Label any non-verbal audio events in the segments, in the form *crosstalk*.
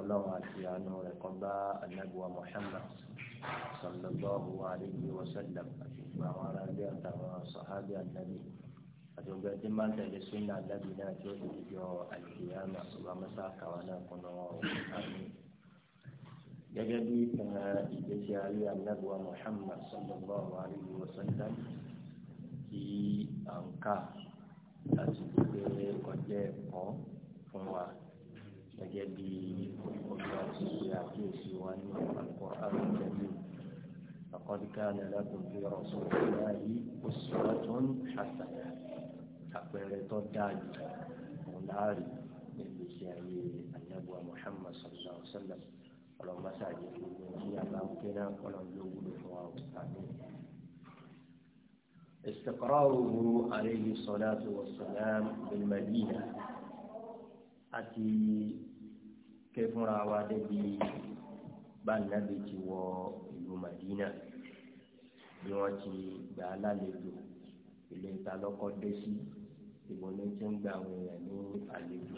ọlọ́run àti àánú rẹ̀ kan bá anábùwà Muhammad sallallahu alayhi wa sallam àti gbogbo àwọn ará ilé àtàwọn sàhábì ànábì àti gbogbo ẹtí máa ń tẹ̀lé súnà ànábì náà tí ó ti di jọ àìkèyàn àtúbà mẹ́ta àkàwà náà kún lọ́wọ́ àmì. gẹ́gẹ́ bí ìgbésí ayé anábùwà Muhammad sallallahu alayhi wa sallam kí à ń kà láti gbogbo ọjọ́ ẹ̀kọ́ fún wa gẹ́gẹ́ bí ọjọ́ àti ìwé àkíyèsí wa ní Al-Qur'an Al-Karim laqad kana lakum fi rasulillahi uswatun hasanah àpẹẹrẹ tó dáa jù òun láàrin níbi iṣẹ́ ayé anábùwà Muhammad sallallahu alaihi wa sallam ọlọmọsá yìí gbogbo ní àbáwọn kéèyàn ọlọmọdé wúlò fún wa òkàdé. استقراره عليه الصلاة والسلام بالمدينة ké fúnra wa débi bá nàbì ti wọ ìlú Madina bí wọ́n ti gbà á lálejò ilé ìta lọ́kọ́ dé sí ìwọlé tí ń gba àwọn èèyàn ní àlejò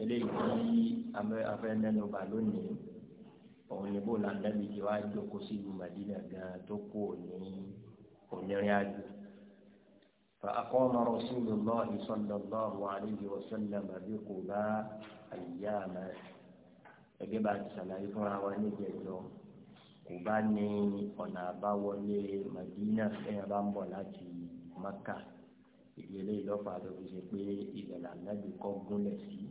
eléyìí tí afẹ́ mẹ́nu lónìí òun ni bó la nàbì ti wá jókòó sí ìlú Madina gan tó kú òní onírìn àjò. فأقام رسول الله صلى الله عليه وسلم بقباء أياما gẹ́gẹ́ bá ti ṣàlàyé fúnra wa níjẹ̀jọ́ kò bá ní ọ̀nà àbáwọlé Madina ẹ̀yìn bá ń bọ̀ láti Maka ìdílé ìlọ́fà ló fi ṣe pé ìbẹ̀rẹ̀ ànábì kọ́ gúnlẹ̀ sí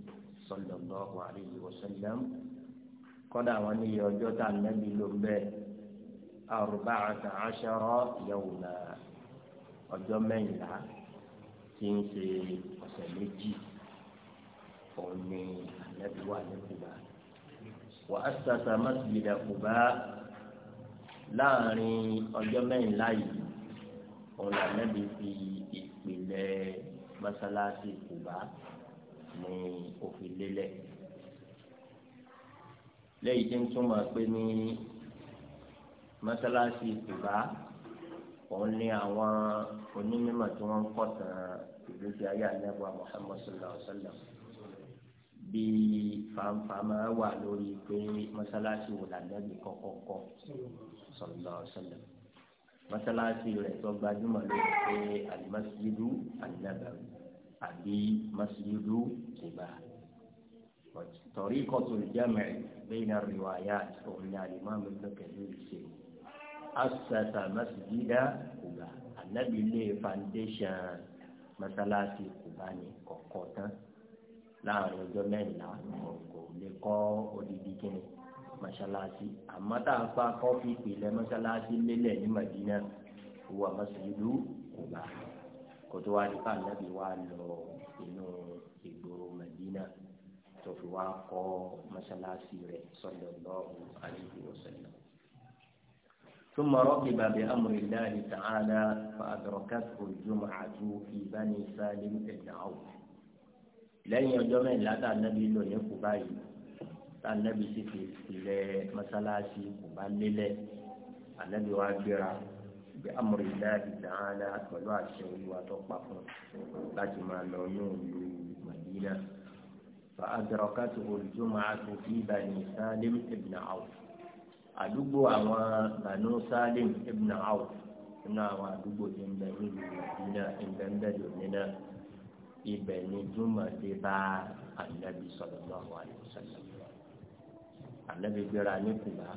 sallallahu alaihi wasallam kọ́dà wọn ní ọjọ́ tá ànábì ló ń bẹ́ẹ̀ arba'ata ashara yawma náà ọjọ́ mẹ́yìnlá tí ń ṣe ọ̀sẹ̀ méjì òun ni ànábì wà ní Kùbá wà á sàtà mọ́sídìdà Kùbá láàrin ọjọ́ mẹ́yìnlá yìí òun ni ànábì fi ìpìlẹ̀ mọ́sálásí Kùbá ní òfin lélẹ̀ lẹ́yìn tí ń túmọ̀ pé ní mọ́sálásí Kùbá òun ni àwọn onímọ̀ tí wọ́n ń kọ́ tàn ìgbésí ayé ànábì Muhammad sallallahu alaihi wasallam bí fàǹfà máa wà lórí pé mọ́sálásí wò lànàbì kọ́kọ́kọ́ sallallahu alaihi wasallam mọ́sálásí rẹ̀ tó gbajúmọ̀ lórí pé alimasidu anabawi àbí masidu kìbá tariqatul jam' bayna riwayat òun ni alimami lókè lórí ṣèlú asasa masjida kuba anabi lé foundation masalasi kuba ní kọ̀kọ́ tán láàrin ọjọ́ mẹ́rìnlá kò lè kọ́ odidi kíni masalasi àmọ́ tá a fa kọ́fí ìpìlẹ̀ masalasi lélẹ̀ ní madina wà masjidu kuba kótó wa nípa anabi wa lọ inú ìgboro madina tó fi wá kọ́ masalasi rẹ̀ sallallahu alaihi wasallam. ثم رغب بأمر الله تعالى فأدركته الجمعة في بني سالم بن عوف لن يجمع لا النبي لن يقبل النبي سيكي إلى مسلاسي قبل النبي وعبرا بأمر الله تعالى pẹ̀lú àṣẹ olúwa tó pa المدينة láti فأدركته الجمعة في بني سالم بن عوف àdúgbò àwọn banu salim ibn awf nínú àwọn àdúgbò tí ń bẹ nílùú ìdínà ìbẹ̀ńbẹ̀ lónìí náà ibẹ̀ ni júmọ̀dé bá ànábi sallallahu alaihi wasallam ànábi gbéra ní kùbá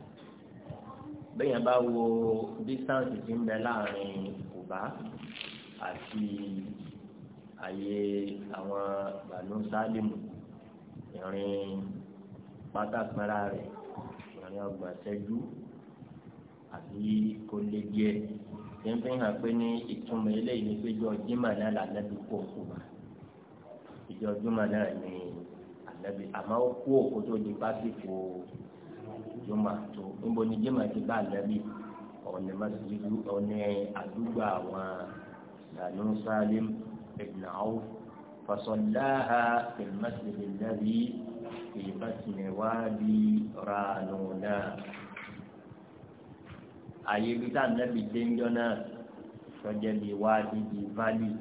bẹ́ẹ̀ bá wo dísáǹsì tí ń bẹ láàrin kùbá àti àyè àwọn banu salim ìrìn pátákìnrà rẹ̀ àyà ọgbà ṣẹ́jú àbí kò lè díẹ̀ ṣé ń fi hàn pé ní ìtumọ̀ eléyìí ni pé jọ jimá náà lànàbí kó kú wa ìjọ jimá náà ni ànàbí àmọ́ ó kú òkú tó di pásítọ̀ jimá tó níbo ni jimá ti bá ànàbí ọ̀nà masiru ọ̀nà àdúgbò àwọn Banu Salim ibn Auf fasọ̀láha fil masjid alladhi. في بطن وادي رانونا àyè ibi tá ànábì dé ńjọ náà sọjẹ bí wáàdí di valley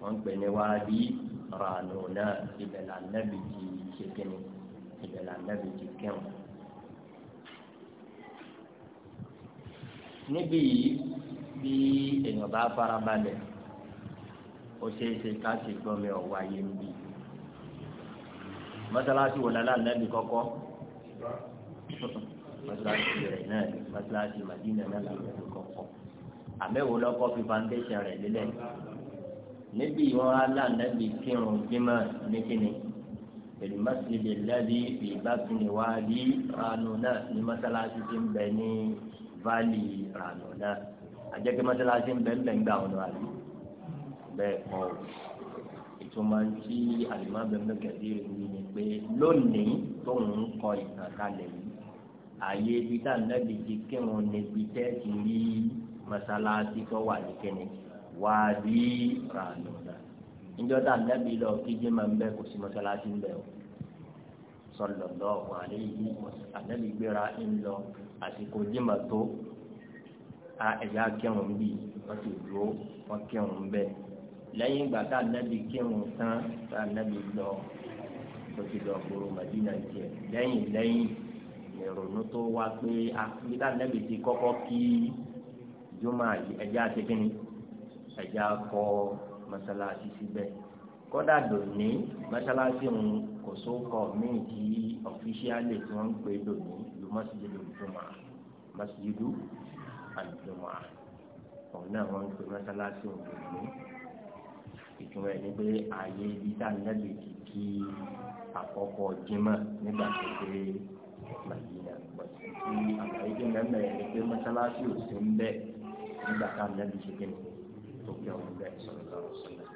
wọn gbẹ ní wáàdí ràánù náà ibẹ̀ là ànábì ti ṣe kíni ibẹ̀ là ànábì ti kẹwọn. níbí bí èèyàn bá farabalẹ̀ ó ṣeé ṣe ká sì gbọ́ mi ọ̀wá yé ń bì í mọ́sálásí wò lálẹ́ ànábì kọ́kọ́ mọ́sálásí rẹ̀ náà mọ́sálásí màdínà náà làwọn ẹ̀rọ kọ́kọ́ àmẹ́wò lọ́kọ́ fi foundation rẹ̀ lélẹ̀ níbi ìwọ́n alẹ́ ànábì kírun jímọ̀ ní kíni pẹ̀lú mọ́sálásí lẹ́bí ìbáfínì wá rí ranu náà ní mọ́sálásí ti ń bẹ ní valley ranu náà àjẹkẹ́ mọ́sálásí ń bẹ ń bẹ ń gbà wọn lọ́wọ́ àlè bẹ́ẹ̀ kọ́ ìtumọ̀ tí alimọ́bẹ̀mẹ́ gẹ̀dẹ́ rẹ̀ ní ni pé lónìí tóun ń kọ ìtànkálẹ̀ yìí ààyè ibi tá nàbì ti kírun níbi tẹ́ ti rí mọ́sálásí tó wà ní kíni wàá rí ràánúdà níjọ́ tá nàbì lọ kí jẹ́ máa ń bẹ́ kò sí mọ́sálásí ń bẹ̀ o sallallahu alayhi anabi gbéra ńlọ àsìkò jimá tó a ẹ̀yà kẹrùn-ún bíi wọ́n ti dúró wọ́n kẹrùn bẹ́ẹ̀ lẹ́yìn ìgbà tá ànábì kírun tán tá ànábì lọ tó ti lọ gbòòrò màdínà jẹ lẹ́yìn lẹ́yìn ìrònú tó wá pé àbí tá ànábì ti kọ́kọ́ kí jùmọ̀ ẹja tẹ́kínní ẹja kọ́ mọ́sálásí síbẹ̀ kọ́dà dòní mọ́sálásí ń kò sókọ̀ míì tí ọ̀fíṣíálì tí wọ́n ń pè dòní lu mọ́sídìdì ìjùmọ̀ mọ́sídìdì àjùmọ̀ òun náà wọ́n ń pè mọ́sálásí ń dòní ìtumọ̀ ẹni pé ààyè ibi tá a nẹ́bi ti àkọ́kọ́ jímọ̀ nígbà tó pé màyínà pọ̀sí tí àlàyé tí mẹ́mẹ́ ẹni pé mọ́sálásí ò sí ń bẹ̀ nígbà tá a nẹ́bi ṣe kí ni tó kí ọ̀hún bẹ̀ sọ̀rọ̀ lọ́rọ̀ sílẹ̀.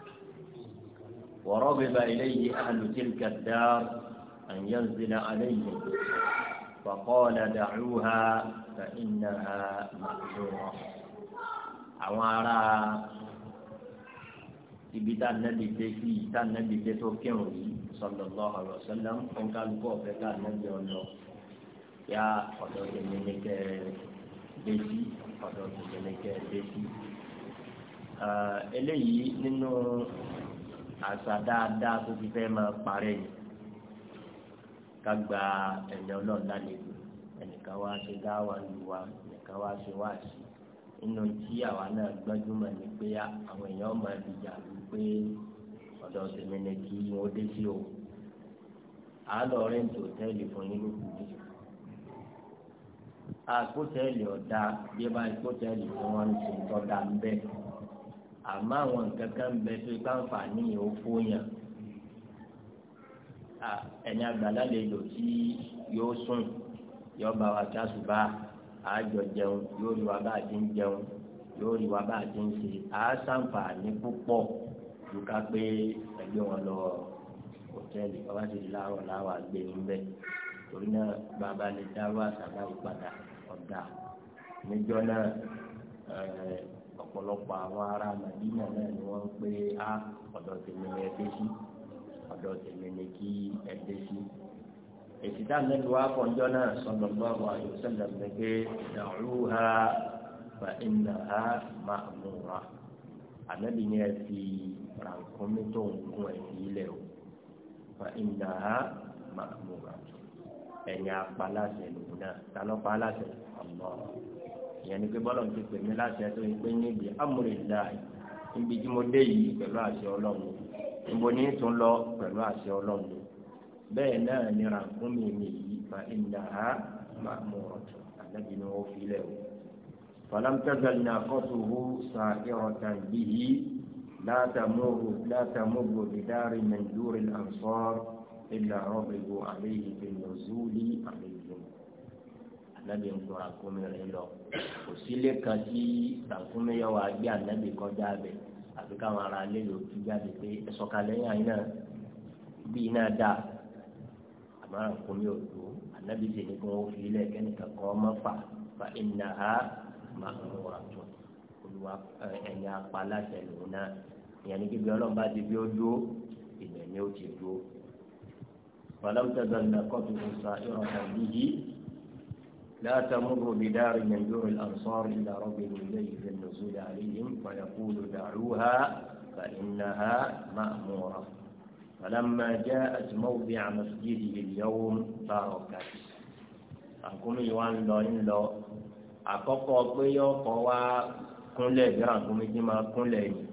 wọ́rọ́ bíbá ilé yìí àlù tí kà dá àyàn zina alẹ́ yìí فقال دعوها فإنها مأجورة àwọn ibi tá nàbì dé sí yìí tá nàbì dé tó kírun yìí sallallahu alaihi wasallam fún kálukú ọ̀fẹ́ ká nàbì ọ̀nà yá ọ̀dọ̀ tèmi ní kẹ́ ẹ dé sí ọ̀dọ̀ tèmi ní kẹ́ ẹ dé sí. eléyìí nínú àṣà dáadáa tó ti fẹ́ máa parẹ́ yìí ká gba ẹ̀yọ́ náà lálejò ẹnìkan wá ṣe dáwà lù wá ẹnìkan wá ṣe wá sí nínú tí àwa náà gbajúmọ̀ ni pé àwọn èèyàn máa di jà wípé ọ̀dọ̀ tèmi ni kí wọ́n dé sí o àálọ̀ rẹ́ǹtì òtẹ́ẹ̀lì fún yín ló àkótẹ́ẹ̀lì ọ̀dà bí bá ìkótẹ́ẹ̀lì tí wọ́n ń ṣe tọ́da ń bẹ̀ àmọ́ àwọn nǹkan kan ń bẹ tó ipá ń fà ní ìhó ẹni àgbàlá lè lò tí yóò sùn yóò bá wa kí a àjọ jẹun yóò rí wa bá a ti ń jẹun yóò rí wa bá a ti ń ṣe àásàǹfààní púpọ̀ ju ká pé ẹgbẹ́ wọn lọ hòtẹ́ẹ̀lì bàbá ti láàárọ̀ láwà gbé e níbẹ̀ torí náà bàbá lè dárú àṣàbá ìpadà ọ̀dà níjọ́ náà ọ̀pọ̀lọpọ̀ àwọn ará màdínà náà ni wọ́n ń pé á ọ̀dọ̀ tèmi ni ẹ dé sí ọ̀dọ̀ tèmi ni kí ẹ dé sí èsì tá àmì wa kọjọ náà sọlọ lọrọ àyọsẹlẹ gbẹgbẹ dàrúhà fa innaha ma'mura ànábì ni ẹ fi rànkúnmí tó ń gún ẹ fi ilẹ̀ o fa innaha ma'mura ẹ̀yìn apaláṣẹ lòun náà tálọ́ paláṣẹ ọ̀nà ìyẹn ni pé bọ́lọ̀ ti pè mí láṣẹ tó ń pè níbi amúrèláì níbi tí mo dé yìí pẹ̀lú àṣẹ ọlọ́run níbo ní tún lọ pẹ̀lú àṣẹ ọlọ́run bẹ́ẹ̀ náà ni ràkúnmí mi yìí fa ìlà ha máa mú ọ̀tún ànábì ni wọ́n fi lẹ̀ o. falamtazal na kọ́tuhu sa ìrọ̀tàn bíi látàmúgbò dídárì mẹ́ndúrin ansọ́r ìlà rọ́bìgbò àléyìn fi nùzúlì àléyìn. ànábì ń kó ràkúnmí rẹ̀ lọ kò sílé kan tí ràkúnmí yọ wá gbé ànábì kọjá bẹ̀ àfi káwọn ará lè lò ó jáde pé ẹ̀sọ́kalẹ̀ yẹn àyìn náà bíi náà dáa. àmọ́ nkùnmí ò tó ànábì sì ní kí wọ́n fi ilé kẹ́nìkan kọ́ ọmọ fà fà iná ha máa ń wọ̀rà tó olùwà ẹ̀yìn apaláṣẹ lòun náà ìyẹn ní kíbi ọlọ́run bá ti bí ó dúró ìbẹ̀ ni ki ó fi ile kenikan ko omo fa fa ina ha maa n tó olùwà to oluwa eyin apalase loun naa iyen ni kibi olorun ba ti dúró. sa فلم تزل ناقته سائرة به لا تمر بدار من دور الأنصار إلا رجل إليه fà النزول عليهم فيقول دعوها فإنها مأمورة فلما جاءت موضع مسجده اليوم باركت àkúnmí wa ń lọ ń lọ àkọ́kọ́ pé ọkọ̀ wa kúnlẹ̀ bí àkúnmí tí máa kúnlẹ̀ yìí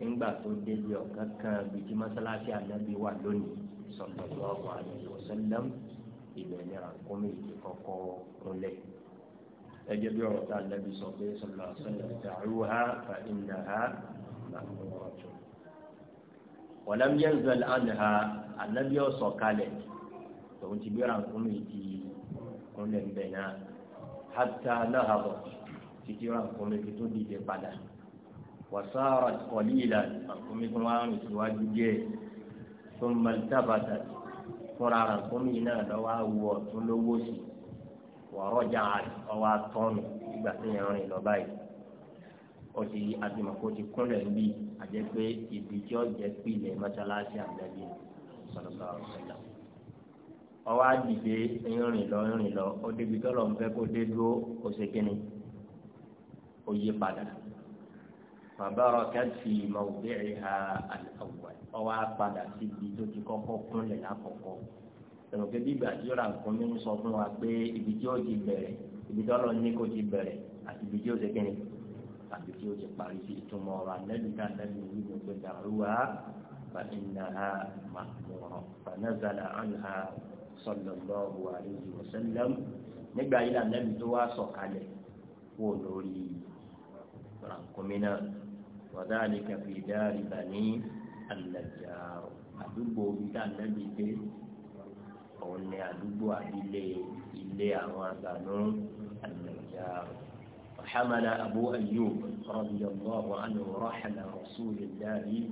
nígbà tó débi ọ̀kan kan bíi tí mọ́sálásí ànábì wà lónìí sallallahu alaihi wasallam ibẹ̀ ni àkúnmí ti kọ́kọ́ kúnlẹ̀ ẹjẹ bí ọ̀rọ̀ tá ànábì sọ pé sallallahu alaihi wasallam ta'uha fa innaha ma'muratun wọlọm yẹnzọl anha anabi ọsọ kalẹ̀ tòun ti gbéra nkún mi ti kúnlẹ̀ nbẹ náà hata nahabo títí ra nkún mi fi tó dìde padà wasaara kọlíla nkún mi tó wà ń tiwájú díẹ̀ tó malitabata fúnra ra nkún mi náà lọ́wọ́ awọ tó lówó sí wọ́rọ́ jà ọwọ́ atọ́nu nígbà tó yẹn rìn lọ báyìí ó ti àtìmọ̀kò ti kúnlẹ̀ ń bí àjẹ́ pé ibi tí ó jẹ́ pìlẹ̀ mọ́ṣáláṣí àgbẹ̀bí sallallahu alaihi wasallam. ọwọ́ àdìgbé ìrìn lọ ìrìn lọ ó débi tọ́lọ̀ ń fẹ́ kó dé dúró kó ṣe kíni ó yí padà. bàbára kẹ́tì mawdi'iha al-awwal ọwọ́ àpadà síbi tó ti kọ́kọ́ kúnlẹ̀ lákọ̀ọ́kọ́ tẹ̀wọ̀kẹ́ bí ìgbà tí ó ra nǹkan mímú sọ fún wa pé ibi tí ó ti bẹ̀rẹ̀ ibi tọ́lọ̀ ní kó ti àti àti tí ó ti parí sí ìtumọ̀ ọ̀rọ̀ anẹ́bí náà anẹ́bí yìí ló gbé dàrúwà فإنها مأمورة فنزل عنها صلى الله عليه وسلم nígbà yìí lànàbí tó wá sọ̀kalẹ̀ wò lórí rankomina wàdáàlì kàfi dáàrí bani alàjàrò àdúgbò bíi ànàbí dé òun ni àdúgbò àbílẹ̀ ilé àwọn àgbànú alàjàrò. حمل أبو أيوب رضي الله عنه رحل رسول الله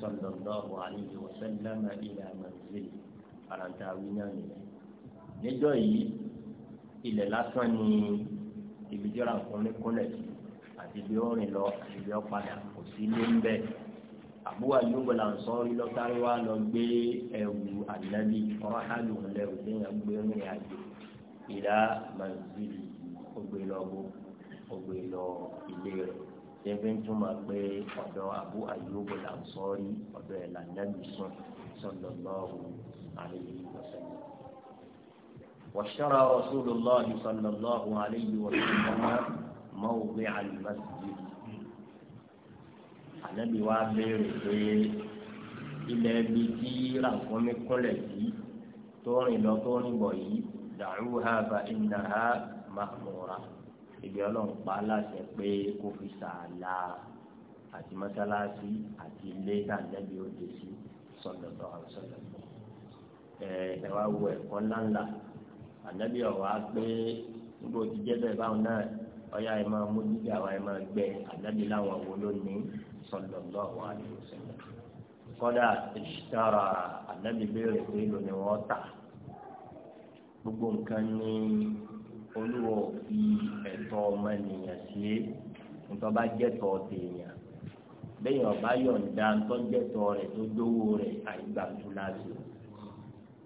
صلى الله عليه وسلم إلى منزله أرانتاوينا منه níjọ́ yìí ilẹ̀ lásán ni ìbíjọ́ra nǹkan kúnlẹ̀ sí àti bí ó rìn lọ àti bí ó padà kò sí ilé ń bẹ̀. àbúwà yóò là ń sọ lọ́tàrí wa lọ gbé ẹ̀wù ànábì ọ̀rọ̀ àlùhùn lẹ́wù lẹ́yìn agbẹ́rin àjò ìlà màzìlì ó gbé lọ́gbọ́n ó gbé lọ ilé rẹ̀ ṣẹ́fẹ́ ń túmọ̀ pé ọ̀dọ̀ Abu Ayyub al-Ansari ọ̀dọ̀ ẹ̀ làǹdàbí sùn sallallahu alayhi wa sallam. واشترى رسول الله صلى الله عليه وسلم موضع المسجد ànábì wa béèrè pé ilẹ̀ ibi tí ràǹkómi kúnlẹ̀ sí tó rìn lọ tó rìn bọ̀ yìí da'uha fa innaha ma'mura ibi ọlọ́run pa aláṣẹ pé kó fi sàálà àti mọ́sálásí àti ilé tàǹdẹ́bí òde sí sọ̀dọ̀tọ̀ àrùsọ̀dọ̀tọ̀ ẹ wá wo ẹ̀kọ́ ńláńlá ànábì ọ̀wá pé níbo ti jẹ́ bẹ́ẹ̀ báwọn náà ọ̀yá ẹ máa mú dídí àwa ẹ máa gbẹ ànábì láwọn wo ló ní sọ̀dọ̀tọ̀ àwọn àrùsọ̀dọ̀tọ̀ kọ́dà ìṣàrà ànábì béèrè pé lónìí wọ́n tà gbogbo nǹkan ní olúwo fi ẹ̀tọ́ ọmọnìyàn sí ntọ́ba jẹ́tọ̀ ọ̀tẹ̀yàn bẹ́ẹ̀ ọba yọ̀ǹda ntọ́jẹ́tọ̀ rẹ̀ tó dówó rẹ̀ àìgbàtú láti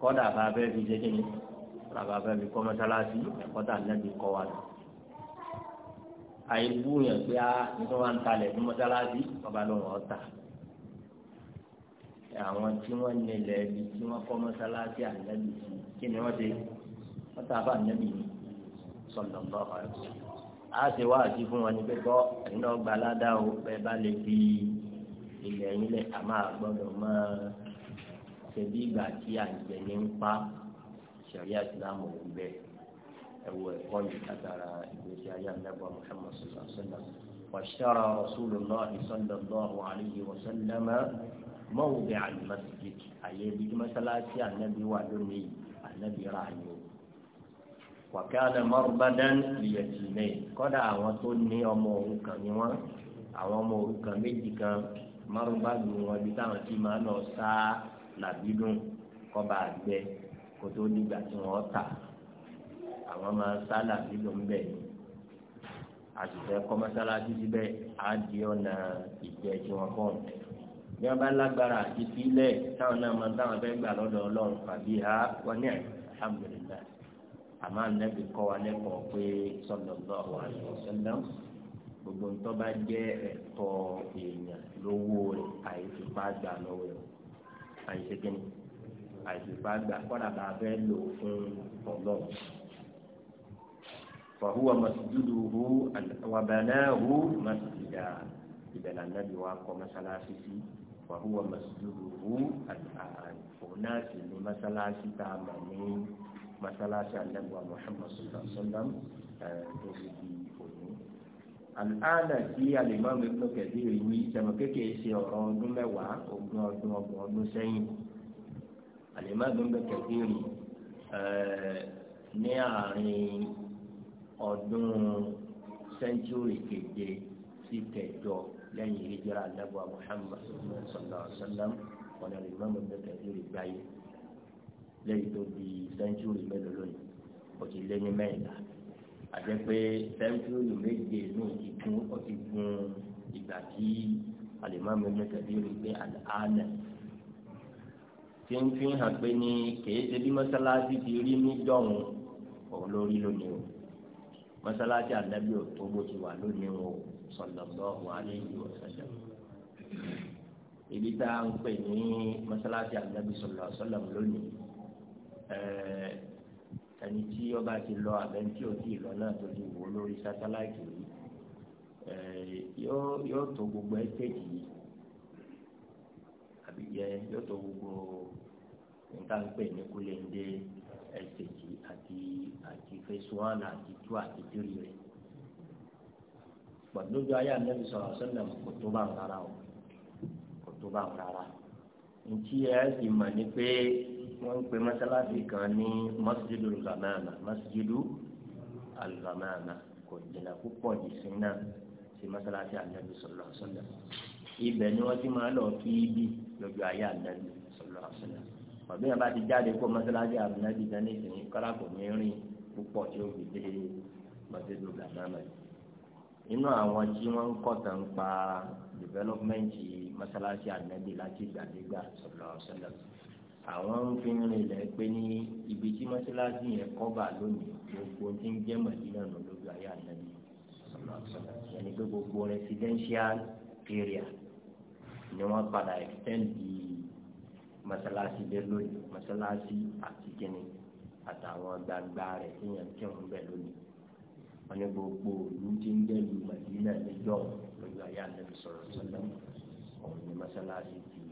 kọ́dà bá bẹ́ẹ̀ fi ṣẹ́jẹ́ ni kọ́dà bá bẹ́ẹ̀ fi kọ́ mọ́sálásí ẹ̀kọ́ tà lẹ́bi kọ́ wa lọ. àìbú yẹn pé a nígbà wà ń talẹ̀ ní mọ́sálásí ọba ló wọ́n ta àwọn tí wọ́n nílẹ̀ ibi tí wọ́n kọ́ mọ́sálásí àlẹ́bi sí kí ni wọ́n ṣe wọ́n ta bá àlẹ́bi ni sọ̀dọ̀ bá wà lọ. a ṣe wá àti fún wọn ní pẹ́kọ́ ẹ̀yin náà gba aládá o bẹ́ẹ̀ bá lè fi ilẹ̀ yín lẹ̀ àmọ́ àgbọ̀dọ̀ máa ṣe bí ìgbà tí àjẹ́ ní ń pa ṣẹ̀rí àtìlámù òun bẹ́ẹ̀ ẹ̀wọ̀ ẹ̀kọ́ yìí látara ìgbésí ayé àdàbọ̀ Muhammad sallallahu alaihi wasallam واشترى رسول الله صلى الله عليه وسلم موضع المسجد أي بيجي مثلا النبي ولوني النبي wàkàdà mọ́rùbádán lìyẹ̀tì lẹ́yìn kọ́dà àwọn tó ní ọmọ òrukàn ni wọ́n àwọn ọmọ òrukàn méjì kan mọ́rùbádù wọn bí táwọn ti máa lọ sá làbídùn kọ́ba àgbẹ̀ kó tó dìgbà tí wọ́n tà àwọn máa sá làbídùn bẹ́ẹ̀ ni àṣìṣe kọ́mọ́sálásí síbẹ̀ á di ọ̀nà ìjẹ́ tí wọ́n kọ́ bí wọ́n bá lágbára àti sílẹ̀ táwọn náà máa táwọn fẹ́ gbà lọ́dọ̀ ọlọ́run fàbí ha wọ́n ní àmọ́ anabi kọ́ wa lẹ́kọ̀ọ́ pé sallallahu alaihi wasallam gbogbo ńtọ́ bá jẹ́ ẹ̀tọ́ èèyàn lówó rẹ̀ àìsípá gbà lọ́wọ́ rẹ̀ àìsíkíni àìsípá gbà kọ́dà bá fẹ́ lò fún ọlọ́run. فهو مسجده وبناه مسجدا إذا النبي واقع مسلاسي وهو مسجده الآن وناس لمسلاسي تامنين masalasi alẹ́gbà muhammad sallallahu alayhi wa sallam eh, tó fi di òní. àlànà tí alimami Ibn Kathir wí sẹ́mu kékeré ṣe ọ̀rọ̀ ọdún mẹ́wàá ogún ọdún ọgbọ̀n ọdún sẹ́yìn alimami Ibn Kathir eh, ní àárín ọdún sẹ́ńtúrì keje sí kẹjọ lẹ́yìn hijira alẹ́gbà muhammad sallam wọn ni alimami Ibn Kathir gbáyé lẹ́yìn tó di sẹ́ńtúrì mélòó lónìí ó ti lé ní mẹ́rìnlá àti pé sẹ́ńtúrì méje ní ìdíkún ó ti gun ìgbà tí alimami ní kẹbíyìí pé àlànà tí ń fi hàn pé ní kèé ṣe bí mọ́sálásí ti rí ní dọ̀hún òun ló rí lónìí o mọ́sálásí ànábì òtó bó ti wà lónìí o sallallahu alayhi wa sallam ibi tá à ń pè ní mọ́sálásí ànábì sallallahu alaihi lónìí. Eh, ẹni tí ọba ti lọ àbẹ́ni tí ò tí ì lọ náà tó ti wò lórí sátáláìtì yìí eh, yóò tó gbogbo ẹ́stéèjì yìí àbí yẹ yóò tó gbogbo nǹkan pè ní kúlẹ̀ndé ẹ́stéèjì àti àti phase one àti two àti three rẹ̀ pọ̀lójú ayé ànábi sọ̀rọ̀ sọ́nà kò tó bá ń rárá o kò tó bá ń rárá ntí ẹ ti mọ̀ ní pé wọ́n ń pe mọ́sálásí kan ní masjidul al-ghamama masjidu al-ghamama kò jìnnà púpọ̀ jù sí náà sí mọ́sálásí ànábi sallallahu alaihi ni wọ́n ti máa lọ kí ibi lọ́jọ́ ayé ànábi sallallahu alaihi wasallam ọ̀bí yẹn bá ti jáde kó mọ́sálásí ànábi dání sí ní kọ́lá kò ní rìn púpọ̀ tí ó fi dé masjidu al-ghamama yìí inú àwọn tí wọ́n ń kọta ń pa dìvẹlọpmẹǹtì mọ́sálásí ànábi láti gbàdégbà sallallahu alaihi àwọn ń fi rìn lẹ pé ní ibi tí mọ́sálásí yẹn kọ́bà lónìí gbogbo tí ń jẹ́ mọ̀dínà nù lójú ayé ànábi ẹni pé gbogbo residential area ni wọ́n padà extend di mọ́sálásí dé lónìí mọ́sálásí àti kíni àtàwọn gbangba rẹ̀ tí yẹn kí wọ́n bẹ̀ lónìí wọ́n ní gbogbo ìlú tí ń jẹ́ ìlú mọ̀dínà níjọ́ lójú ayé ànábi sọ̀rọ̀ sọ́lá òun ni mọ́sálásí ti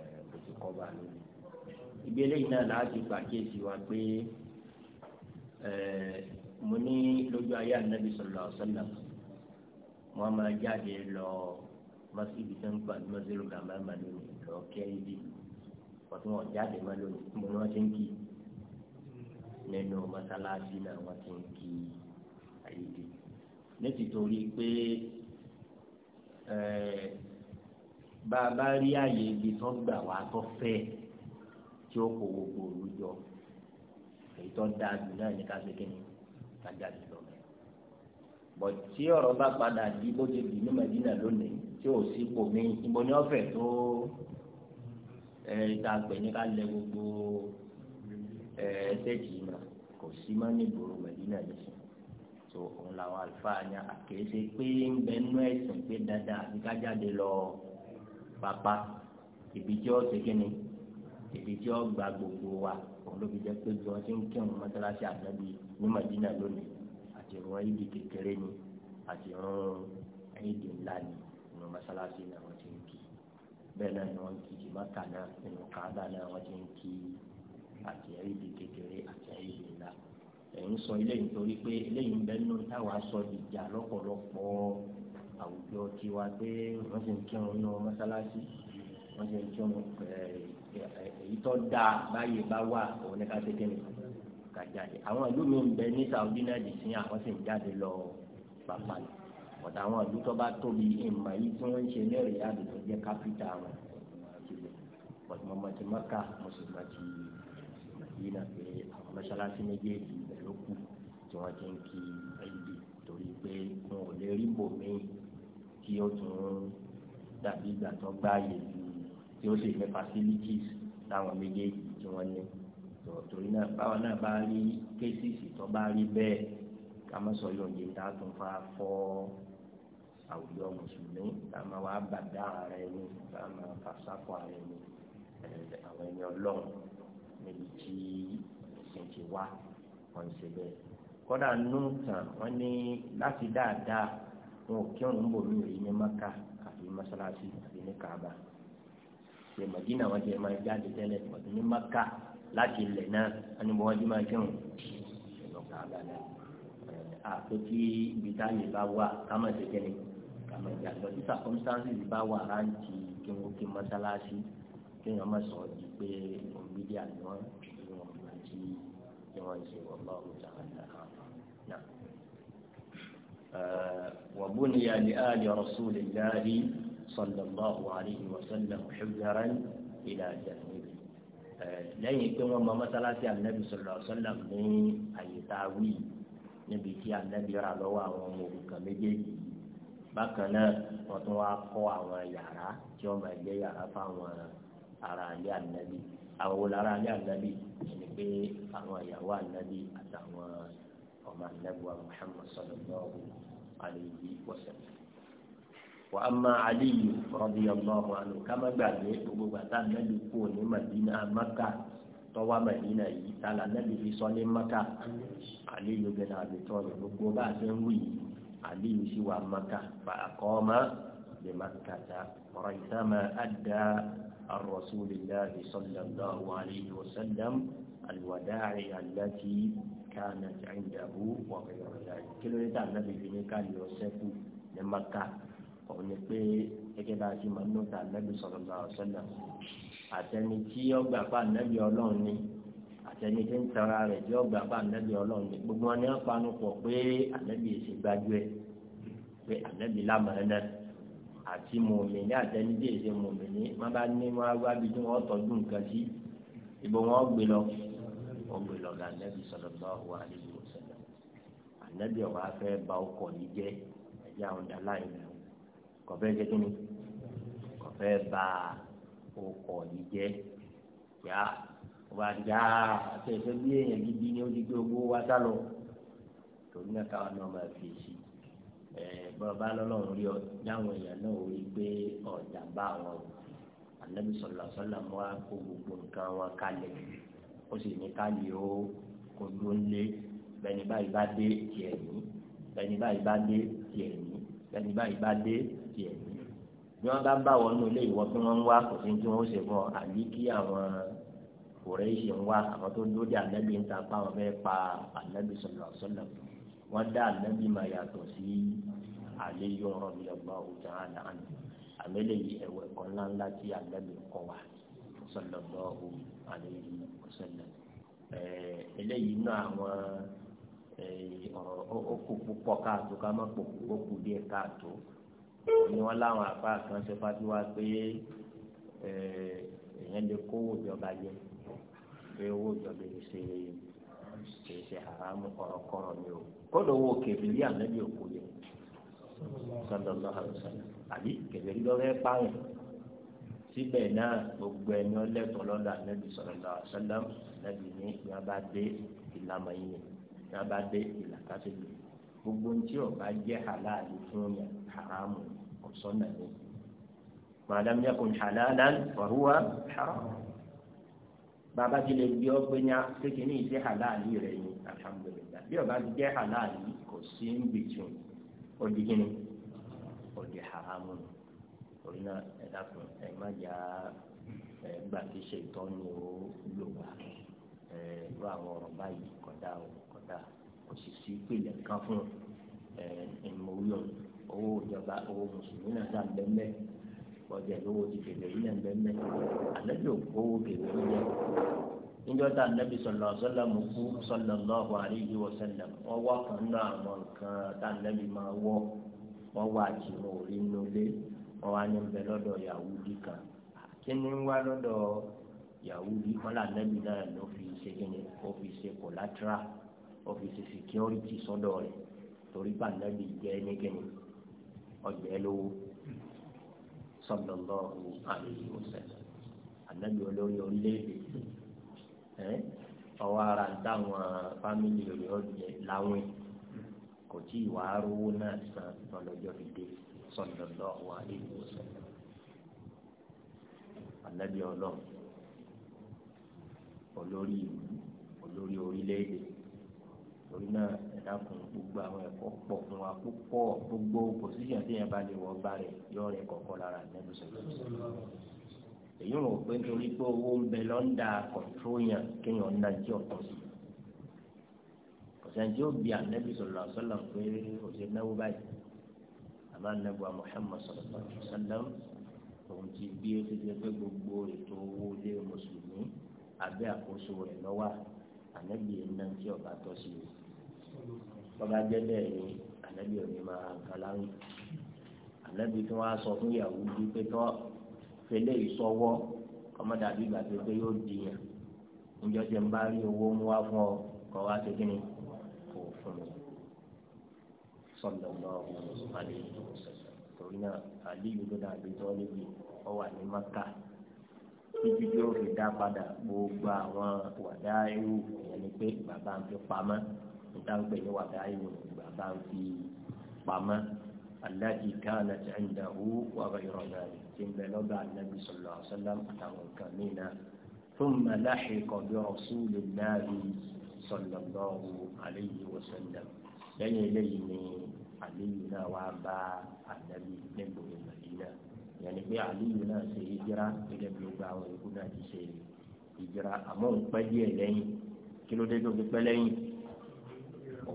ẹ̀ bó ti kọ́bà lónìí ibi eléyìí náà láti pàkíyèsí wa pé mo ní lójú ayé anabi sọlọ sọlọ wọn máa jáde lọ masidi tó ń pa masiru gàmá màlúù lọ kẹ́hìndì wọ́n tún wọ́n jáde má lónìí mo ní wọ́n ti ń kí nínú mọ́sálásí náà wọ́n ti ń kí àyèdè nítorí pé bàbá rí àyè ibi tó gbà wá tó fẹ́ẹ́ tí ó kó gbogbo òru jọ èyí tó dáa jù náà ní káṣí kínní kájà jù lọ mẹ bọ tí ọ̀rọ̀ bá padà di bó ti di ní Mẹdínà lónìí tí ò sí pò mí ìbò ní ọ̀fẹ́ tó ẹ ta pè ní ká lẹ gbogbo ẹ ẹsẹjì mà kò sí mọ ní ìgboro yìí sùn tó òun làwọn àlùfáà ní àkéésí pé ń bẹ nú ẹsìn pé dáadáa àbí kájáde lọ pápá ibi tí ó ti kínní ibi tí ó gba gbogbo wa òun ló fi jẹ́ pé bí wọ́n ti ń kírun mọ́sálásí ànábì ní Madina lónìí àti ìrun ibi kékeré ni àti ìrun ibi ńlá ni nínú mọ́sálásí náà wọ́n ti ń kí bẹ́ẹ̀ náà ni wọ́n ń kí ti Mákà náà nínú Káàbà náà wọ́n ti ń kí àti ibi kékeré àti ibi ńlá ẹ̀yìn sọ eléyìí torí pé eléyìí ń bẹ nínú táwa sọ ìjà lọ́pọ̀lọpọ̀ àwùjọ tiwa pé wọ́n ti ń kírun nínú mọ́sálásí wọ́n ti ń kírun pẹ̀lú èyí tó dáa báyìí bá wà òun ní ká ṣe kí ni ká jáde àwọn ìlú mi ń bẹ ní Saudi náà dì sí àwọn sì ń jáde lọ pàpà lọ ọ̀dà àwọn ìlú tó bá tóbi ìmọ̀ yìí tí wọ́n ń ṣe ní ìrìn àjò tó jẹ́ kápítà wọn mo mọ ti maka mo sì mọ ti Madina pé àwọn mọ́ṣáláṣí méjèèjì pẹ̀lú kù tí wọ́n ti ń kí ẹ̀yìn torí pé wọn ò lè rí bòmíì kí ó tún dàbí ìgbà tó gbáàyè ju tí ó sì ní facilities táwọn méjèèjì tí wọ́n ní torí náà báwọn náà bá rí kéésìsì tó bá rí bẹ́ẹ̀ ká má sọ yọ̀ǹde tá a tún fa fọ́ àwùjọ mùsùlùmí tá a máa wá bàdá ara ẹni tá a máa fà sáfọ ara ẹni àwọn ẹni ọlọ́run níbi tí ẹ̀sìn ti wá wọ́n ń ṣe bẹ́ẹ̀. kọ́dà nù tán wọ́n ní láti dáadáa wọn ò kírun bò lórí ní maka àti mọ́sálásí àti ní kaaba ṣe Madina wọn ti máa jáde tẹ́lẹ̀ ọ̀dún ní Maka láti ilẹ̀ náà wọn ni wọn ti máa kírun ìlú Kaaba náà àtòkí ibi táyì bá wà kámọ̀ ṣẹkẹ́ni kámọ̀ ìjàgbọ́n tí circumstances bá wà rántí kí wọ́n kí mọ́sálásí kí wọ́n má sọ di pé òǹbídì àná ìwọ̀n àti ìwọ̀n ìṣèwọ̀n bá òòjà náà. وبني لآل رسول الله صلى الله عليه وسلم حذرا إلى جانبه lẹ́yìn pé wọ́n mọ mọ́sálásí ànábì sọ̀rọ̀ sọ́là ní àyètáwì níbi tí ànábì rà lọ́wọ́ àwọn ọmọ òrukàn méjèèjì bákan náà wọ́n tún wá kọ́ àwọn yàrá tí wọ́n máa jẹ́ yàrá fáwọn ará ilé ànábì àwọn olùdará ilé ànábì ẹni pé àwọn ìyàwó ànábì àtàwọn ọmọ ànábì wa Muhammad sallallahu alayhi wa sallam wà á máa aliyu rọbì ọlọ́run àná kámá gbàgbé gbogbo gbàtà nàbì kú ní madina maka tọwá madina yìí tala nàbì fi sọ ní maka aliyu bẹ náà lè tọ́lọ̀ gbogbo bá a fẹ́ wù yìí aliyu sì wà maka fà àkọ́ọ́mà lè maka ta ọ̀rọ̀ ìtàmà àdá الرسول الله صلى الله عليه وسلم الوداعي التي كانت عنده وغير ذلك كل هذا النبي في نكال يوسف لمكة òun ni pé gẹ́gẹ́ bá a ti mọ̀ nínú ta nẹ́bí sallallahu alaihi wasallam àtẹni tí ọgbà pa nẹ́bí ọlọ́run ni àtẹni tí ń tara rẹ̀ tí ọgbà pa nẹ́bí ọlọ́run ni gbogbo wọn ni wọ́n panu pọ̀ pé ànẹ́bí èsì gbájú ẹ̀ pé ànẹ́bí lámàá náà àti mòmìnì àtẹni tí èsì mòmìnì má bá ní wọn wá bí tí wọn tọ́jú nǹkan sí ibo wọn gbé lọ wọn gbé lọ la nẹ́bí sallallahu alaihi wasallam ànẹ́bí ọ̀wá kò fẹ́ jẹ́ kínní kò fẹ́ ba ọkọ̀ yìí jẹ́ yá wà já àtẹ̀sẹ̀ bí èèyàn gidi ni ó di pé owó wá sá lọ torí náà káwọn náà máa fi sí ẹ bọba lọ́lọ́run rí ọ jáwọn èèyàn náà ò rí pé ọjà bá wọn o anabi sọlọ sọlọ mọ akó gbogbo nǹkan wọn kalẹ̀ ó sì ní káàlì ó kó dúró lé bẹ́ẹ̀ni báyìí bá dé tiẹ̀ ní bẹ́ẹ̀ni báyìí bá dé tiẹ̀ ní bẹ́ẹ̀ni báyìí bá dé tiẹ̀ bí wọ́n bá bá wọn nù lé ìwọ tí wọ́n ń wá kò sí tí wọ́n ṣe fún ọ àbí kí àwọn kòrẹ́ṣì ń wá àwọn tó lóde ànábì ń ta pa wọn fẹ́ pa ànábì sọ̀rọ̀ sọ̀rọ̀ wọ́n dá ànábì mà yàtọ̀ sí àléyé ọ̀rọ̀ mi ọgbà òjà àdáhàn àmẹ́lẹ̀ yìí ẹ̀wọ̀ ẹ̀kọ́ ńláńlá tí wa sọ̀rọ̀ lọ́wọ́ àléyé ọ̀sẹ̀lẹ̀ ni wọ́n láwọn àfa kan ṣe fati wá pé èèyàn lè kówó ìjọba jẹ pé owó ìjọba yìí ṣe ṣe ṣe haramu kọ̀rọ̀kọ̀rọ̀ ni o kódà owó kẹfìrí ànábì òkú yẹ sọdọ̀tọ̀ àlùsọ̀lá àbí kẹfìrí lọ́rẹ́ pààyàn síbẹ̀ náà gbogbo ẹni ọlẹ́tọ̀ lọ́dọ̀ ànábì sọ̀rọ̀tọ̀ àlùsọ̀lá ànábì ní ìyá bá dé ìlànà yìí ní ìyá bá dé ìlàkàtúndì gbogbo ntí ó bá jẹ́ halali fún yà haramu ọsọ nàní madam yakun halalan fahuwa haram bàbá ti lè gbé ọgbẹ ní akékeré ìṣe halali rẹ ni alhamdulilayi bí ó bá ti jẹ́ halali kò sí ń bìtún odi kini odi haramu orí náà ẹ dákun ẹ má jà ẹ gbà tí ṣètọ́ ni ó lò wá ẹ lọ àwọn ọ̀rọ̀ báyìí kọ̀dá o kọ̀dá kò sì sí ìpìlẹ̀ kan fún ìmọ̀wúlò eh, owó ìjọba owó mùsùlùmí náà dà bẹ́ẹ̀ ọjà lówó ti bẹ̀rẹ̀ yìí náà bẹ́ẹ̀ àlejò owó bẹ̀rẹ̀ yìí náà níjọ́ tá a nẹ́bi sọ̀lọ̀ sọ́lọ̀ mú kú sọ̀lọ̀ lọ́ọ̀hùn àríyí wọ sẹ́lẹ̀ wọ́n wá kan náà àwọn nǹkan tá a máa wọ́ wọ́n wá àjùmọ̀ orí inú ilé wọ́n wá ní bẹ lọ́dọ̀ Yahudi kan kí ni ń wá lọ́dọ̀ Yahudi kan là nẹ́bi náà ló fi ṣe kí ni ó fi ṣe collateral ọ́fíìsì security sọ́dọ̀ rẹ̀ torí pàǹdàbí jẹ́ ẹnikẹ́ni ọ̀jẹ̀ lówó sallallahu alayhi wa sallam ànábì olórí orílẹ̀-èdè ẹ̀ ọwọ́ ara dáwọn fámìlì rẹ̀ ọ̀jẹ̀ láwìn kò tí ì wá rówó náà san lọ́lọ́jọ́ fi dé sallallahu alayhi wa sallam ànábì ọlọ́run olórí ìlú olórí orílẹ̀ torí náà ẹ̀dá kun gbogbo àwọn ẹ̀kọ́ pọ̀ fún wa púpọ̀ gbogbo pòsíṣàn tí yẹn bá lè wọ bá rẹ̀ yọ rẹ̀ kọ̀ọ̀kan lára nẹ́bí sọ̀rọ̀ èyí rò pé nítorí pé owó ń bẹ lọ́ndà kọ̀ntró yàn kéèyàn ń dájú ọ̀tọ̀ sí ọ̀sán tí ó bí ànẹ́bí sọ̀rọ̀ sọ̀rọ̀ pé òṣèlú náwó báyìí àmọ́ ànẹ́bí wa Muhammad sọ̀rọ̀ sọ̀rọ̀ òun ti bí ó ti ṣe pé gbogbo ètò owó ilé mùsùlùmí abẹ́ àkóso rẹ̀ lọ́wọ́ ànẹ́bí yẹn náà tí ọba tọ́ sí i bàbá jẹ́ ni ànábì òní máa nǹkan láwùjọ ànábì tí wọ́n á sọ fún ìyàwó bí pé tọ́ fẹlẹ́ ìsọwọ́ ọmọdàbí ìgbà tó pé yóò dìyàn níjọ́ tí ń bá rí owó mú wá fún ọ kọ́ wá ṣe kí ni kò fún mi sọ̀dọ̀ lọ àlẹ́ torí náà àlíyù ló dàbí tọ́ lébi ọ wà ní maka títí tí ó fi dá padà gbogbo àwọn wàdá irú ìyẹn ni pé bàbá ń fi pamọ́ dáńpẹ ní wàdà ìwọ ìgbà bá ń fi pamọ́ aláàjì káàna ti ń dà hu wàrà ìrọ̀lá rẹ̀ tí ń bẹ lọ́dọ̀ anábì sọ̀lọ́ àṣálàm àtàwọn nǹkan mìíràn fún màláhì kọ̀dọ̀ ọ̀ṣúlẹ̀ náàrí sọ̀lọ́lọ́hu àléyé wọ̀sẹ̀lẹ̀ lẹ́yìn eléyìí ni àléyìí náà wá bá anábì nígbòho màdínà yẹnni pé àléyìí náà ṣe hijira gẹ́gẹ́ bí gbogbo àwọn ikú náà ti ṣe hijira àmọ́ ń pẹ́ díẹ̀ lẹ́yìn kí tó fi pẹ́ lẹ́yìn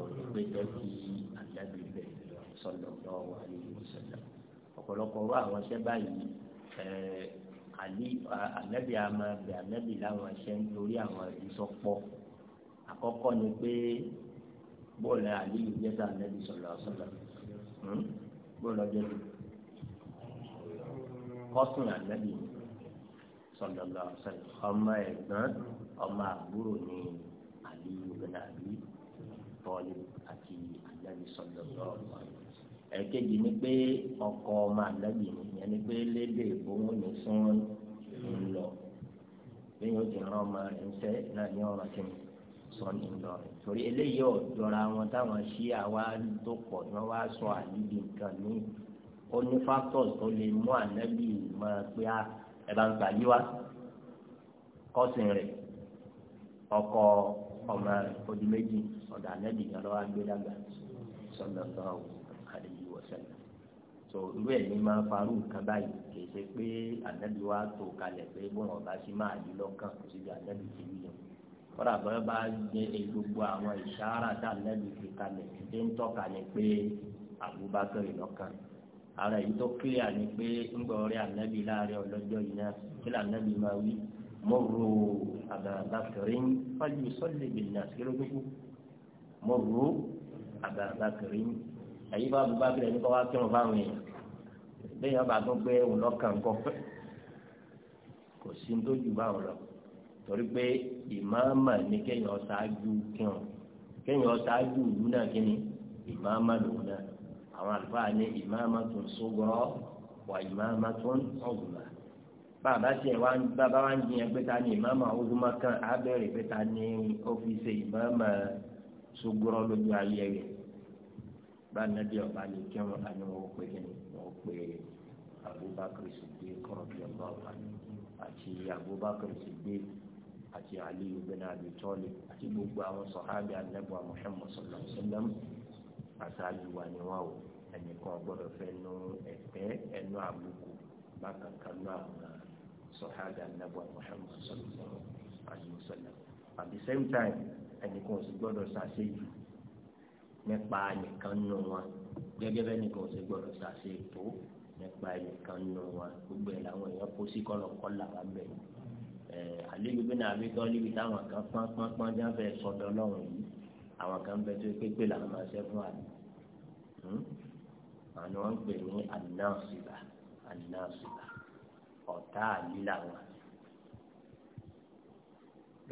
olùgbẹ́jọ́ ti àjáde bẹ̀ sọ̀lọ̀ lọ́wọ́ àyẹ̀wòsọ̀lọ̀ ọ̀pọ̀lọpọ̀ wá àwọn iṣẹ́ báyìí àlí ànábì àmà bẹ̀ ànábì láwọn iṣẹ́ nítorí àwọn ìsọpọ̀ àkọ́kọ́ ni pé bọ́ọ̀lù àlí ìjẹta ànábì sọ̀lọ̀ sọ̀lọ̀ bọ́ọ̀lù ọjọ́ kọ́sùn ànábì ni sọlọlọ ọmọ ẹ̀gbọ́n ọmọ àbúrò ní aliyu bin abi Talib àti Ànábì sallallahu alaihi wasallam. ẹ̀kejì ni pé ọkọ ọmọ Ànábì nìyẹn ni pé lédè òun ní fún un lọ lẹ́yìn ó ti ràn ọmọ rẹ̀ ńṣẹ́ náà ní ọ̀rọ̀ kí ni sọ ní Ìlọrin torí eléyìí ọ̀dọ́ra wọn táwọn ṣí àwa tó pọ̀ ni wọ́n wá sọ àlíbi nǹkan míì ó ní factors tó lè mú Ànábì máa pé ẹ bá ń gbàlí wa kọ́sìn rẹ̀ ọkọ ọmọ rẹ̀ ó méjì ọ̀dà anẹ́bí ni ọlọ́wà gbé dàgbà sallallahu alaihi wasallam tó irú ẹ̀ ní máa farú nǹkan báyìí kì í ṣe pé anẹ́bí wa tó kalẹ̀ pé bọ́n ọba sí máa yí lọ́kàn kò síbi anẹ́bí ti wí yẹn kọ́dà bọ́ bá gbé gbogbo àwọn ìṣàrà tá anẹ́bí fi kalẹ̀ ṣe ń tọ́ka ni pé Abubakar lọ́kàn ara yìí tó kílíà ni pé ń gbọ́ ọ̀rẹ́ anẹ́bí láàrin ọlọ́jọ́ yìí mọ̀rú àgbàlagbàkiri ẹ̀yìn bá bu bákìrì ẹni kọ́ wá kírun fáwọn èèyàn bẹ́ẹ̀ yọba tó gbé òun lọ́kàn kọ́ fẹ́ kò sí ní tó jù báwọn lọ torí pé ìmáàmà ni kéèyàn ṣáájú kírun kéèyàn ṣáájú ìlú náà kí ni ìmáàmà lòun náà àwọn àlùfáà ní ìmáàmà tó ń sógọ́ wà ìmáàmà tó ń ọ̀gbùnà bàbá tiẹ̀ wá bàbá wá ń jiyàn pé ta ni ìmáàmà ọ̀gbùnmá kan á bẹ̀rẹ̀ pé ta ni ó fi ṣe ìmáàmà sugurọ lójú ayé rẹ bá nàbí ọba lè kẹwọn àni wọn pè é wọn pè é Abubakar Siddiq kọrọbì ọba ọba àti Abubakar Siddiq àti Ali ibn Abi Talib àti gbogbo àwọn sọhábì anabu Muhammad sallallahu alaihi wasallam àtàlù wà ní wọn o ẹnìkan gbọ́dọ̀ fẹ́ nu ẹ̀tẹ́ ẹnu àbùkù bákan kan náà sọhábì anabu Muhammad sallallahu alaihi wasallam at the same time ẹnìkan ò sì gbọ́dọ̀ ṣàṣejù nípa ẹnìkan nù wọn gẹ́gẹ́ bẹ́ẹ̀ nìkan ò sì gbọ́dọ̀ ṣàṣejù nípa ẹnìkan nù wọn gbogbo ẹ̀ làwọn èèyàn kó sí kọ́lọ̀kọ́lọ̀ wá bẹ̀ ẹ̀ àlejò bí náà àbí tọ́ níbi táwọn kan pọ́n pọ́n pọ́n jáfẹ́ sọ́dọ̀ lọ́rùn yìí àwọn kan bẹ tó pé pé làwọn máa ṣe fún àlè hmm? àwọn ni pè ní àdínà ọ̀sìbà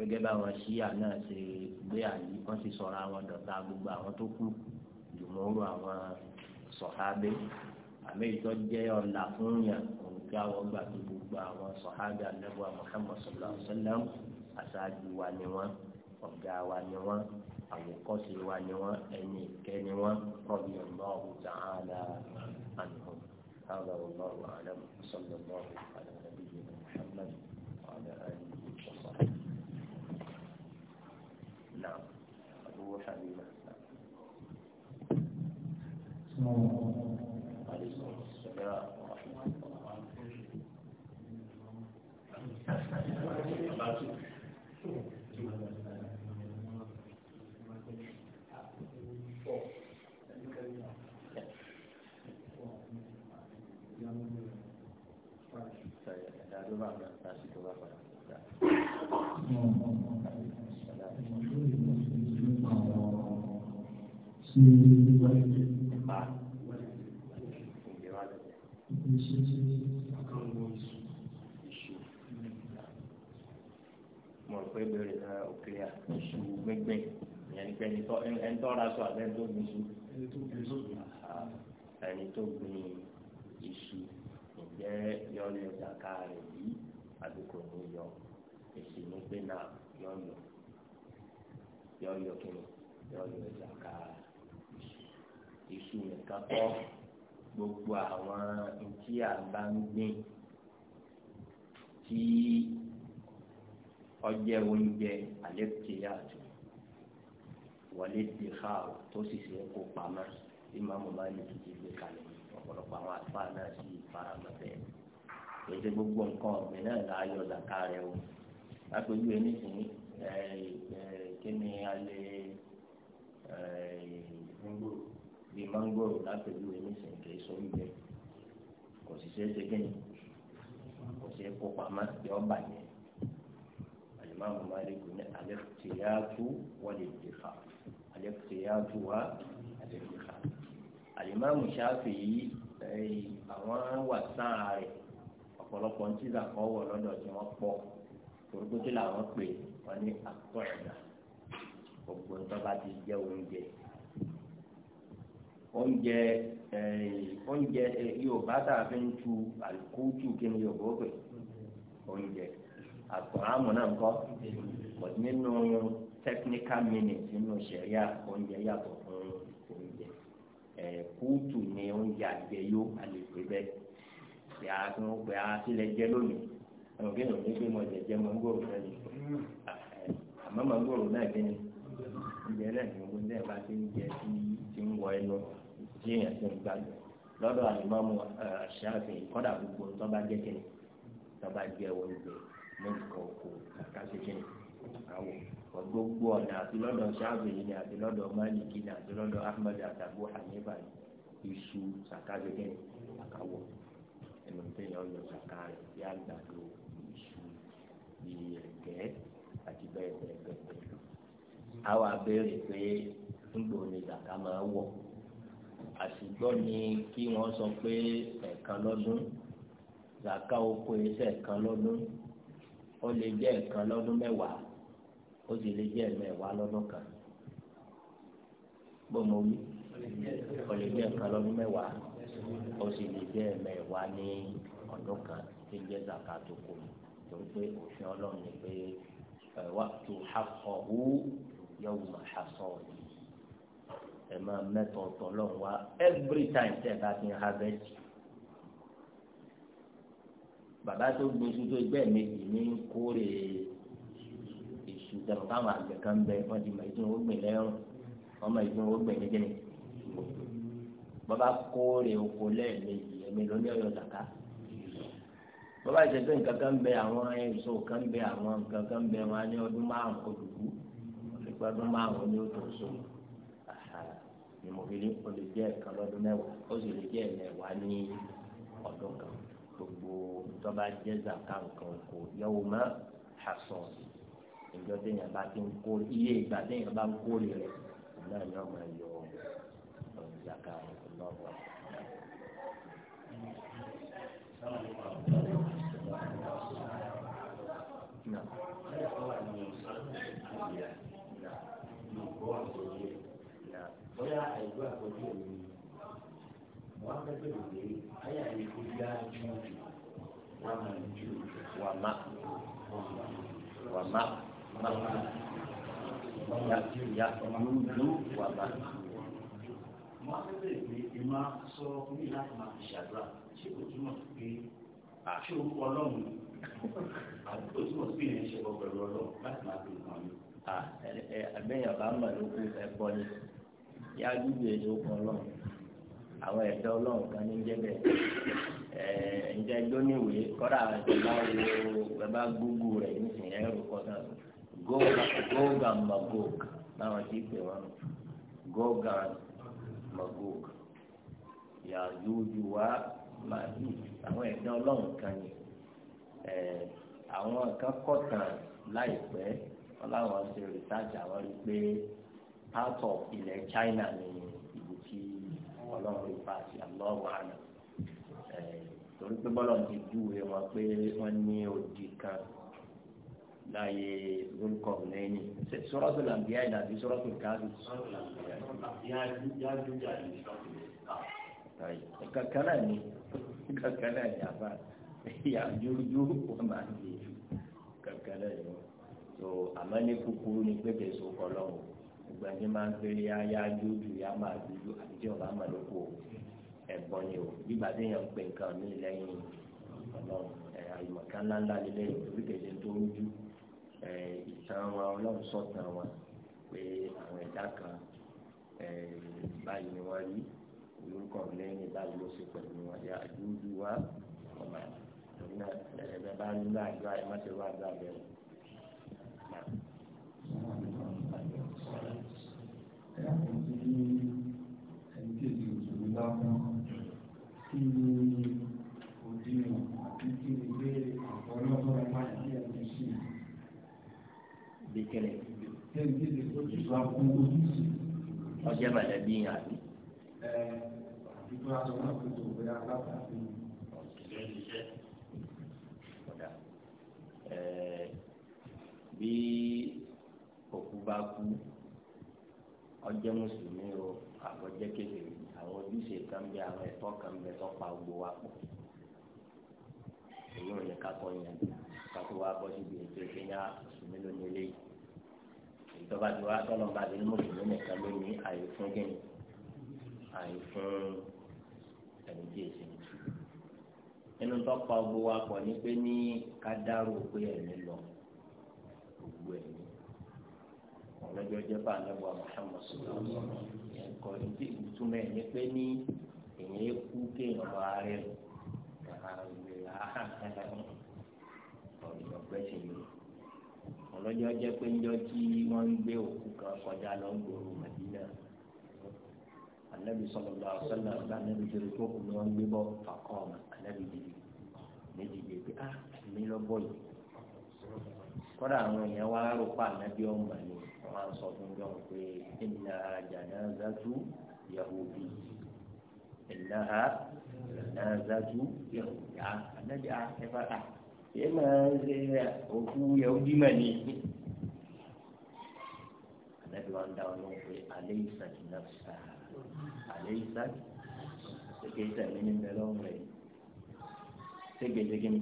gẹ́gẹ́ báwọn ṣíà náà ṣe gbé àyè wọ́n sì sọ̀rọ̀ àwọn dọ̀tà gbogbo àwọn tó kù jùmọ̀rú àwọn sọ̀hábẹ́ àmì ìtọ́ jẹ́ ọ̀la fún yàn òun kí àwọn gbà tó gbogbo àwọn sọ̀hábẹ́ àlẹ́bùwà Muhammad sallallahu alaihi wasallam aṣáájú wa ni wọ́n ọ̀gá wa ni wọ́n àwòkọ́ṣe wa ni wọ́n ẹni ìkẹ́ ni wọ́n rọ̀bì ọ̀lọ́ọ̀hù ta'ala ànihàn. هذا والله أعلم صلى الله على نبينا محمد to mo rò pé bẹ̀rẹ̀ náà òkè à oṣù gbẹgbẹ ẹni pé ẹni tó ra sọ àbẹ́ tó gbin iṣu ẹni tó gbin iṣu ǹjẹ́ yọ lè dàka rẹ̀ bí àdúgbò ní yọ èsì ní pé náà yọ yọ yọ yọ kí ni yọ yọ dàka iṣu nìkan kọ́ gbogbo àwọn ntí à ń bá ń gbìn tí ọjẹ oúnjẹ alẹ́ ti yá àtò wọlé ti ha ọ tó sì ṣe kó pamọ́ bí màmú bá ní kìkì gbé kalẹ̀ ọ̀pọ̀lọpọ̀ àwọn àlùfáà náà sì fara bẹ́ẹ̀ kì í gbogbo nǹkan ọ̀gbìn náà là á yọ zàká rẹ o lápẹjù ẹ nísìnyí ẹ ẹ kí ni a ẹ ẹ bíi mángòrò lápẹ̀lú oníṣẹ̀yìn kì í sọ wípé kò sì ṣeé ṣe kíni kò ṣeé kó pamọ́ yọ bàjẹ́ alimami maliku ní alẹ́kùtìyàtú wọlé ìdìfà alẹ́kùtìyàtú wa alẹ́kùtìyà alimami ṣáfì yìí àwọn wà sáà rẹ̀ ọ̀pọ̀lọpọ̀ ń tíza kọ́ wọ̀ lọ́dọ̀ tí wọ́n pọ̀ torókòtò làwọn pè wọ́n ní àtọ̀ ẹ̀dá gbogbo ń ti jẹ́ oúnjẹ oúnjẹ eh, oúnjẹ eh, yorùbá tá a fi ń tu àlùkùtù kí ni yorùbá ó pè oúnjẹ àkùrámù náà ń kọ́ but nínú technical minute nínú sẹ̀ríà oúnjẹ yàtọ̀ fún oúnjẹ eh, kùtù ni oúnjẹ àjẹyó àlèpé bẹ́ẹ̀ pé a ti ń pè a sílẹ̀ jẹ́ lónìí àwọn kí ni òní pé mo jẹ jẹ mọ́ngòrò náà ni àmọ́ mọ́ngòrò náà kí ni oúnjẹ náà ni oúnjẹ bá ti ń jẹ tí ń wọ ẹnu tí èèyàn ti ń gbàgbọ́ lọ́dọ̀ àlùmọ́mù ṣáàfin kọ́dà gbogbo tó bá jẹ́ kíni tó bá jẹ́ oúnjẹ lẹ́yìn ọkọ̀ àkàṣe kíni àwọ̀ gbogbo ọ̀nà àti lọ́dọ̀ ṣáàfin ni àti lọ́dọ̀ máàlìkì ni àti lọ́dọ̀ ahmed àtàbọ̀ hanifa iṣu ṣàkàṣe kíni àkàwọ̀ ẹnu tẹ̀yàn ọ̀yọ̀ ṣàkà rẹ̀ bí àgbàdo iṣu bí ẹ̀gẹ́ àti bẹ́ẹ̀ bẹ́ẹ̀ bẹ́ẹ̀ àwọn abẹ́rẹ́ ni zaka máa àṣìgbọ́ ni kí wọ́n sọ pé ẹ̀ẹ̀kan lọ́dún zaka oko iṣẹ́ ẹ̀ẹ̀kan lọ́dún ó lè jẹ́ ẹ̀ẹ̀kan lọ́dún mẹ́wàá ó sì lè jẹ́ ẹ̀mẹ́wàá lọ́dún kan bó mo wí ó lè jẹ́ ẹ̀ẹ̀kan lọ́dún mẹ́wàá ó sì lè jẹ́ ẹ̀mẹ́wàá ní ọdún kan tí ń jẹ́ zaka tó kù torí pé òfin ọlọ́run ni pé wàá tó haqahu yawma hasadihi ẹ máa mẹ́tọ̀ ọ̀tọ̀ lọ́wọ́ wa every time tẹ̀ bá fi harvest. bàbá tó gbóṣù tó gbẹ́ méjì ní kórè èṣù tẹ̀wọ̀n káwọn àgbẹ̀ kan bẹ wọ́n ti mọ ìdúró gbìn lẹ́rùn wọ́n mọ ìdúró gbìn ní kíni. bàbá kórè oko lẹ́ẹ̀mejì ẹ̀mí ló ní ọ̀yọ́ zaka. bàbá ìṣẹ̀fẹ̀ nǹkan kan bẹ àwọn èso kan bẹ àwọn nǹkan kan bẹ wọn ní ọdún márùn-ún olùkú ọdún márùn-ún ní ó tó so ni mo fi ní o lè jẹ́ ẹ̀kan lọ́dún mẹ́wàá ó sì lè jẹ́ ẹ̀mẹ́wàá ní ọdún kan gbogbo tọ́ba jẹ́ zaka nǹkan kò yẹ̀wò mọ́ àsọ̀ ìjọ téèyàn bá ti ń kó iye ìgbà téèyàn bá ń kó rẹ̀ náà ni ọmọ ẹ̀yọ zaka lọ́wọ́. No. wàmà wàmà yàtúndú wàmà. Má bẹ̀rẹ̀ pé ẹ máa sọ ní láti máa fi ṣàdúrà ṣé kò túmọ̀ pé ṣé o kọ lọ́hùn àti kò túmọ̀ sí ìrìn ṣe ọgbẹ̀ lọ́lọ́ láti máa fi nǹkan mi. Àbẹ̀yàn bá mọ̀ lókun ẹ̀kọ́ ni, yá ló kọ àwọn ẹ̀dá ọlọ́run kan ní jẹ́ bẹ́ẹ̀ ẹ̀ ǹjẹ́ lóníwèé kọ́dà bàbá wo bàbá gbogbo rẹ̀ magog báwọn ti pè magog yàjújú wa àwọn ẹ̀dá ọlọ́run kan ní ẹ̀ àwọn kan láìpẹ́ ọláwọn ṣe rìsáàjì àwọn part of ilẹ̀ China ọlọ́run ló fà sí àlọ́wọ́ àná torí pé bọ́lá ti júwe wọn pé wọ́n ní odi kan láàyè lórúkọ lẹ́yìn sọ́rọ́tò làǹbíyá yìí làbí sọ́rọ́tò káàdì. kankan náà ni kankan náà ni àbá ìyá jújú wọn máa ń gbé kankan náà ni wọn. àmọ́ ní kúkúrú ni pé kèso kọ́ lọ́wọ́ gbogbo ẹni máa ń pèrè ayá yóòdù yá máa dúdú àti tí ọba máa lóko ẹ̀gbọ́n ni o gbígbà tí èèyàn ń pè nǹkan mí lẹ́yìn ọlọ́run àyùmọ̀ká ńláńlá lélẹ́yìn torí kèsè tó rújú ìtàn wọn ọlọ́run sọ̀tàn wọn pé àwọn ẹ̀dá kan báyìí ni wọ́n rí olórúkọ lẹ́yìn báyìí ló ṣe pẹ̀lú wọn yá dúdú wá ọmọ àti náà ẹ̀ẹ́dẹ́ bá nílò àjọ àyè má ti rú àjọ àbẹ̀wò ẹ̀kọ́ tí ẹni kéde òṣèlú lápọn kí ni òdiwọ̀n àti kí ni pé ọ̀pọ̀lọpọ̀ máa ń ṣe ẹ̀kọ́ sí i. Békẹ́lẹ̀. Ẹni Ọjọ́ mọ̀lẹ́bí yàn àbí. bí òkú bá kú ọjọ́ mùsùlùmí o àbọ̀jẹ́ kékeré àwọn ojúṣe kan bẹ àwọn ẹ̀tọ́ kan bẹ tó pa gbogbo wa pọ̀ èyí ò yẹ ká yẹn ká tó bọ́ síbi ètò ìpínyà mùsùlùmí lónìí eléyìí ìjọba ti wá tọ́lọ̀ bá ti mùsùlùmí nìkan lónìí àyè fún kíni àyè fún ẹni tí èsì ní. nínú tó pa gbogbo wa pọ̀ ní pé ní ká pé ẹ̀mí lọ gbogbo ẹ̀mí ọlọ́jọ́ jẹ́ bá anábọ̀ àmọ́sánmọ́ sọ̀rọ̀ ẹ̀kọ́ ìdí ìtumọ̀ ẹ̀ ní pé ní èèyàn kú kéèyàn bá rẹ̀ ọlọ́jọ́ jẹ́ pé ńjọ́ tí wọ́n ń gbé òkú kan kọjá lọ ń gbòòrò màdínà anabi sọlọlọ asọlọ ọba anabi jẹrẹ tó kù ni wọ́n gbé bọ fakọọmọ anabi jẹrẹ méjì jẹ pé ah mi lọ bọ yìí kọ́dà àwọn èèyàn wá rò pa ànábì ọmọ ni wọ́n á sọ fún jọ́n pé inna janazatu yahudi inna janazatu yahudi ànábì àtẹ́fà à yé máa ń ṣe òkú yahudi mà ní. ànábì wa ń dá wọn lóhùn pé alaysat nafsa alaysat ṣèkéṣẹ́ mi ní bẹ́ẹ̀ lọ́wọ́ rẹ̀ ṣégeṣége mi.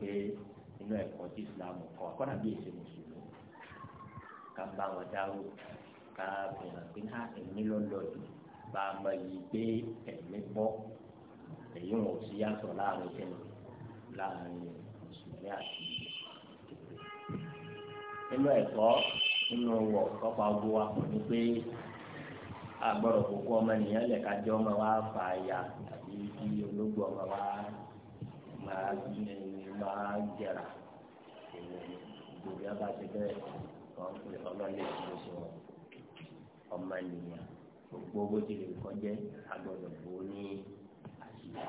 pé inú ẹ̀kọ́ tí islam kọ́ akọ́nà bí èsì mùsùlùmí ká bá wọn dáwọ́ ká fìhàn pé ká ẹ̀mí lọ́lọ́dún bá a mọ yìí pé ẹ̀mí bọ́ èyí wọn ò sí yàtọ̀ láàrin kẹ́ni láàrin mùsùlùmí àti nínú ẹ̀kọ́ nínú wọ̀ kọ́pà ọgbọ́n wa kò ní pé a kókó ọmọ nìyẹn lẹ̀ jẹ́ ọmọ wa fà ya tàbí kí ológbò ọmọ wa máa máa jẹrà ìgbòho yàrá ti bẹ́ẹ̀ wọ́n pè ọlọ́lẹ̀ ìlú sí wọn ọmọ ènìyàn gbogbo owó ti lè kọjẹ́ agbọ́dọ̀ bò ó ní àṣìyà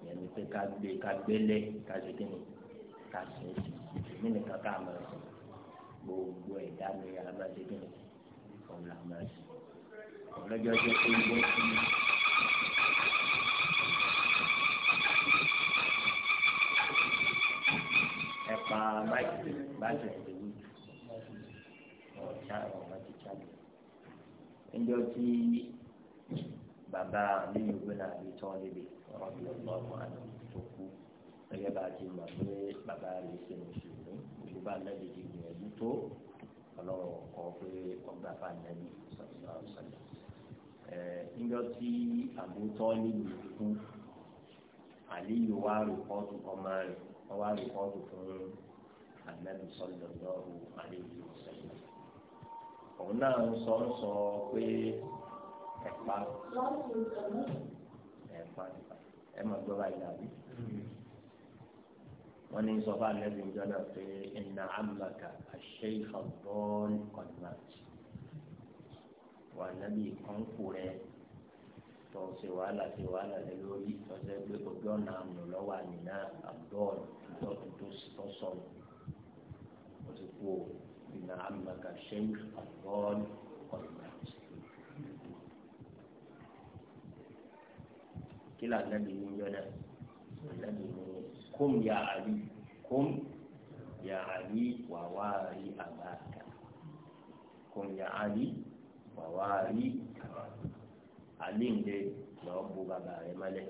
ìyẹn ni pé ká gbé ká gbélé ká ṣe kí ni ká ṣe é sí èmi nìkan ká máa sùn gbogbo ẹ̀dá mi a máa ṣe kí ni ọ̀la máa sùn ọ̀lọ́jọ́ tó kú ló ń sùn. pa báyìí báyìí ẹ̀jẹ̀ wí ọ̀ọ́dá ọ̀ọ́dá ti jáde. ẹjọ́ tí bàbá mi ò gbé náà lè tọ́ lébi ọ̀rọ̀ bí ọ̀gbọ́n ọmọ àná tó kú gẹ́gẹ́ bá a ti mọ̀ pé bàbá rẹ̀ ṣe mùsùlùmí gbogbo bá lẹ́bi ti gbìyànjú tó ọlọ́run kọ́ pé ọgbà bá nẹ́bi sọ̀tún àwùsọ̀lẹ̀. ẹjọ́ tí àbútọ́ lébi fún àlíyò wá rìpọ́tù ọmọ rẹ̀ wọ́n wá rí kọ́ọ̀dù fún anabi sallallahu alayhi wa sallam òun náà ń sọ ń sọ pé ẹ̀pá ẹ̀pá ẹ̀ máa gbọ́ báyìí dàbí wọ́n ní sọ́fà lẹ́bi ìjọ náà pé inna amaka ash-shaykh ad-dall qad mat wà kan kú rẹ̀ tó ṣe wàhálà ṣe wàhálà lé lórí tọ́jú pé ojú ọ̀nà àmì lọ́wọ́ àmìnà àbúrò ìtọ́jú tó sọ sọ̀rọ̀ ó ti kú o ìnà àmàkà sheik àbúrò ọ̀nà kí là nàbì ní yọ̀nà nàbì ní kóm ya àlì kóm ya àlì wà wá rí àbáàkà kóm ya àlì wà wá rí àbí ǹdẹ lọ́ọ́ bu bàbá rẹ mọ́lẹ̀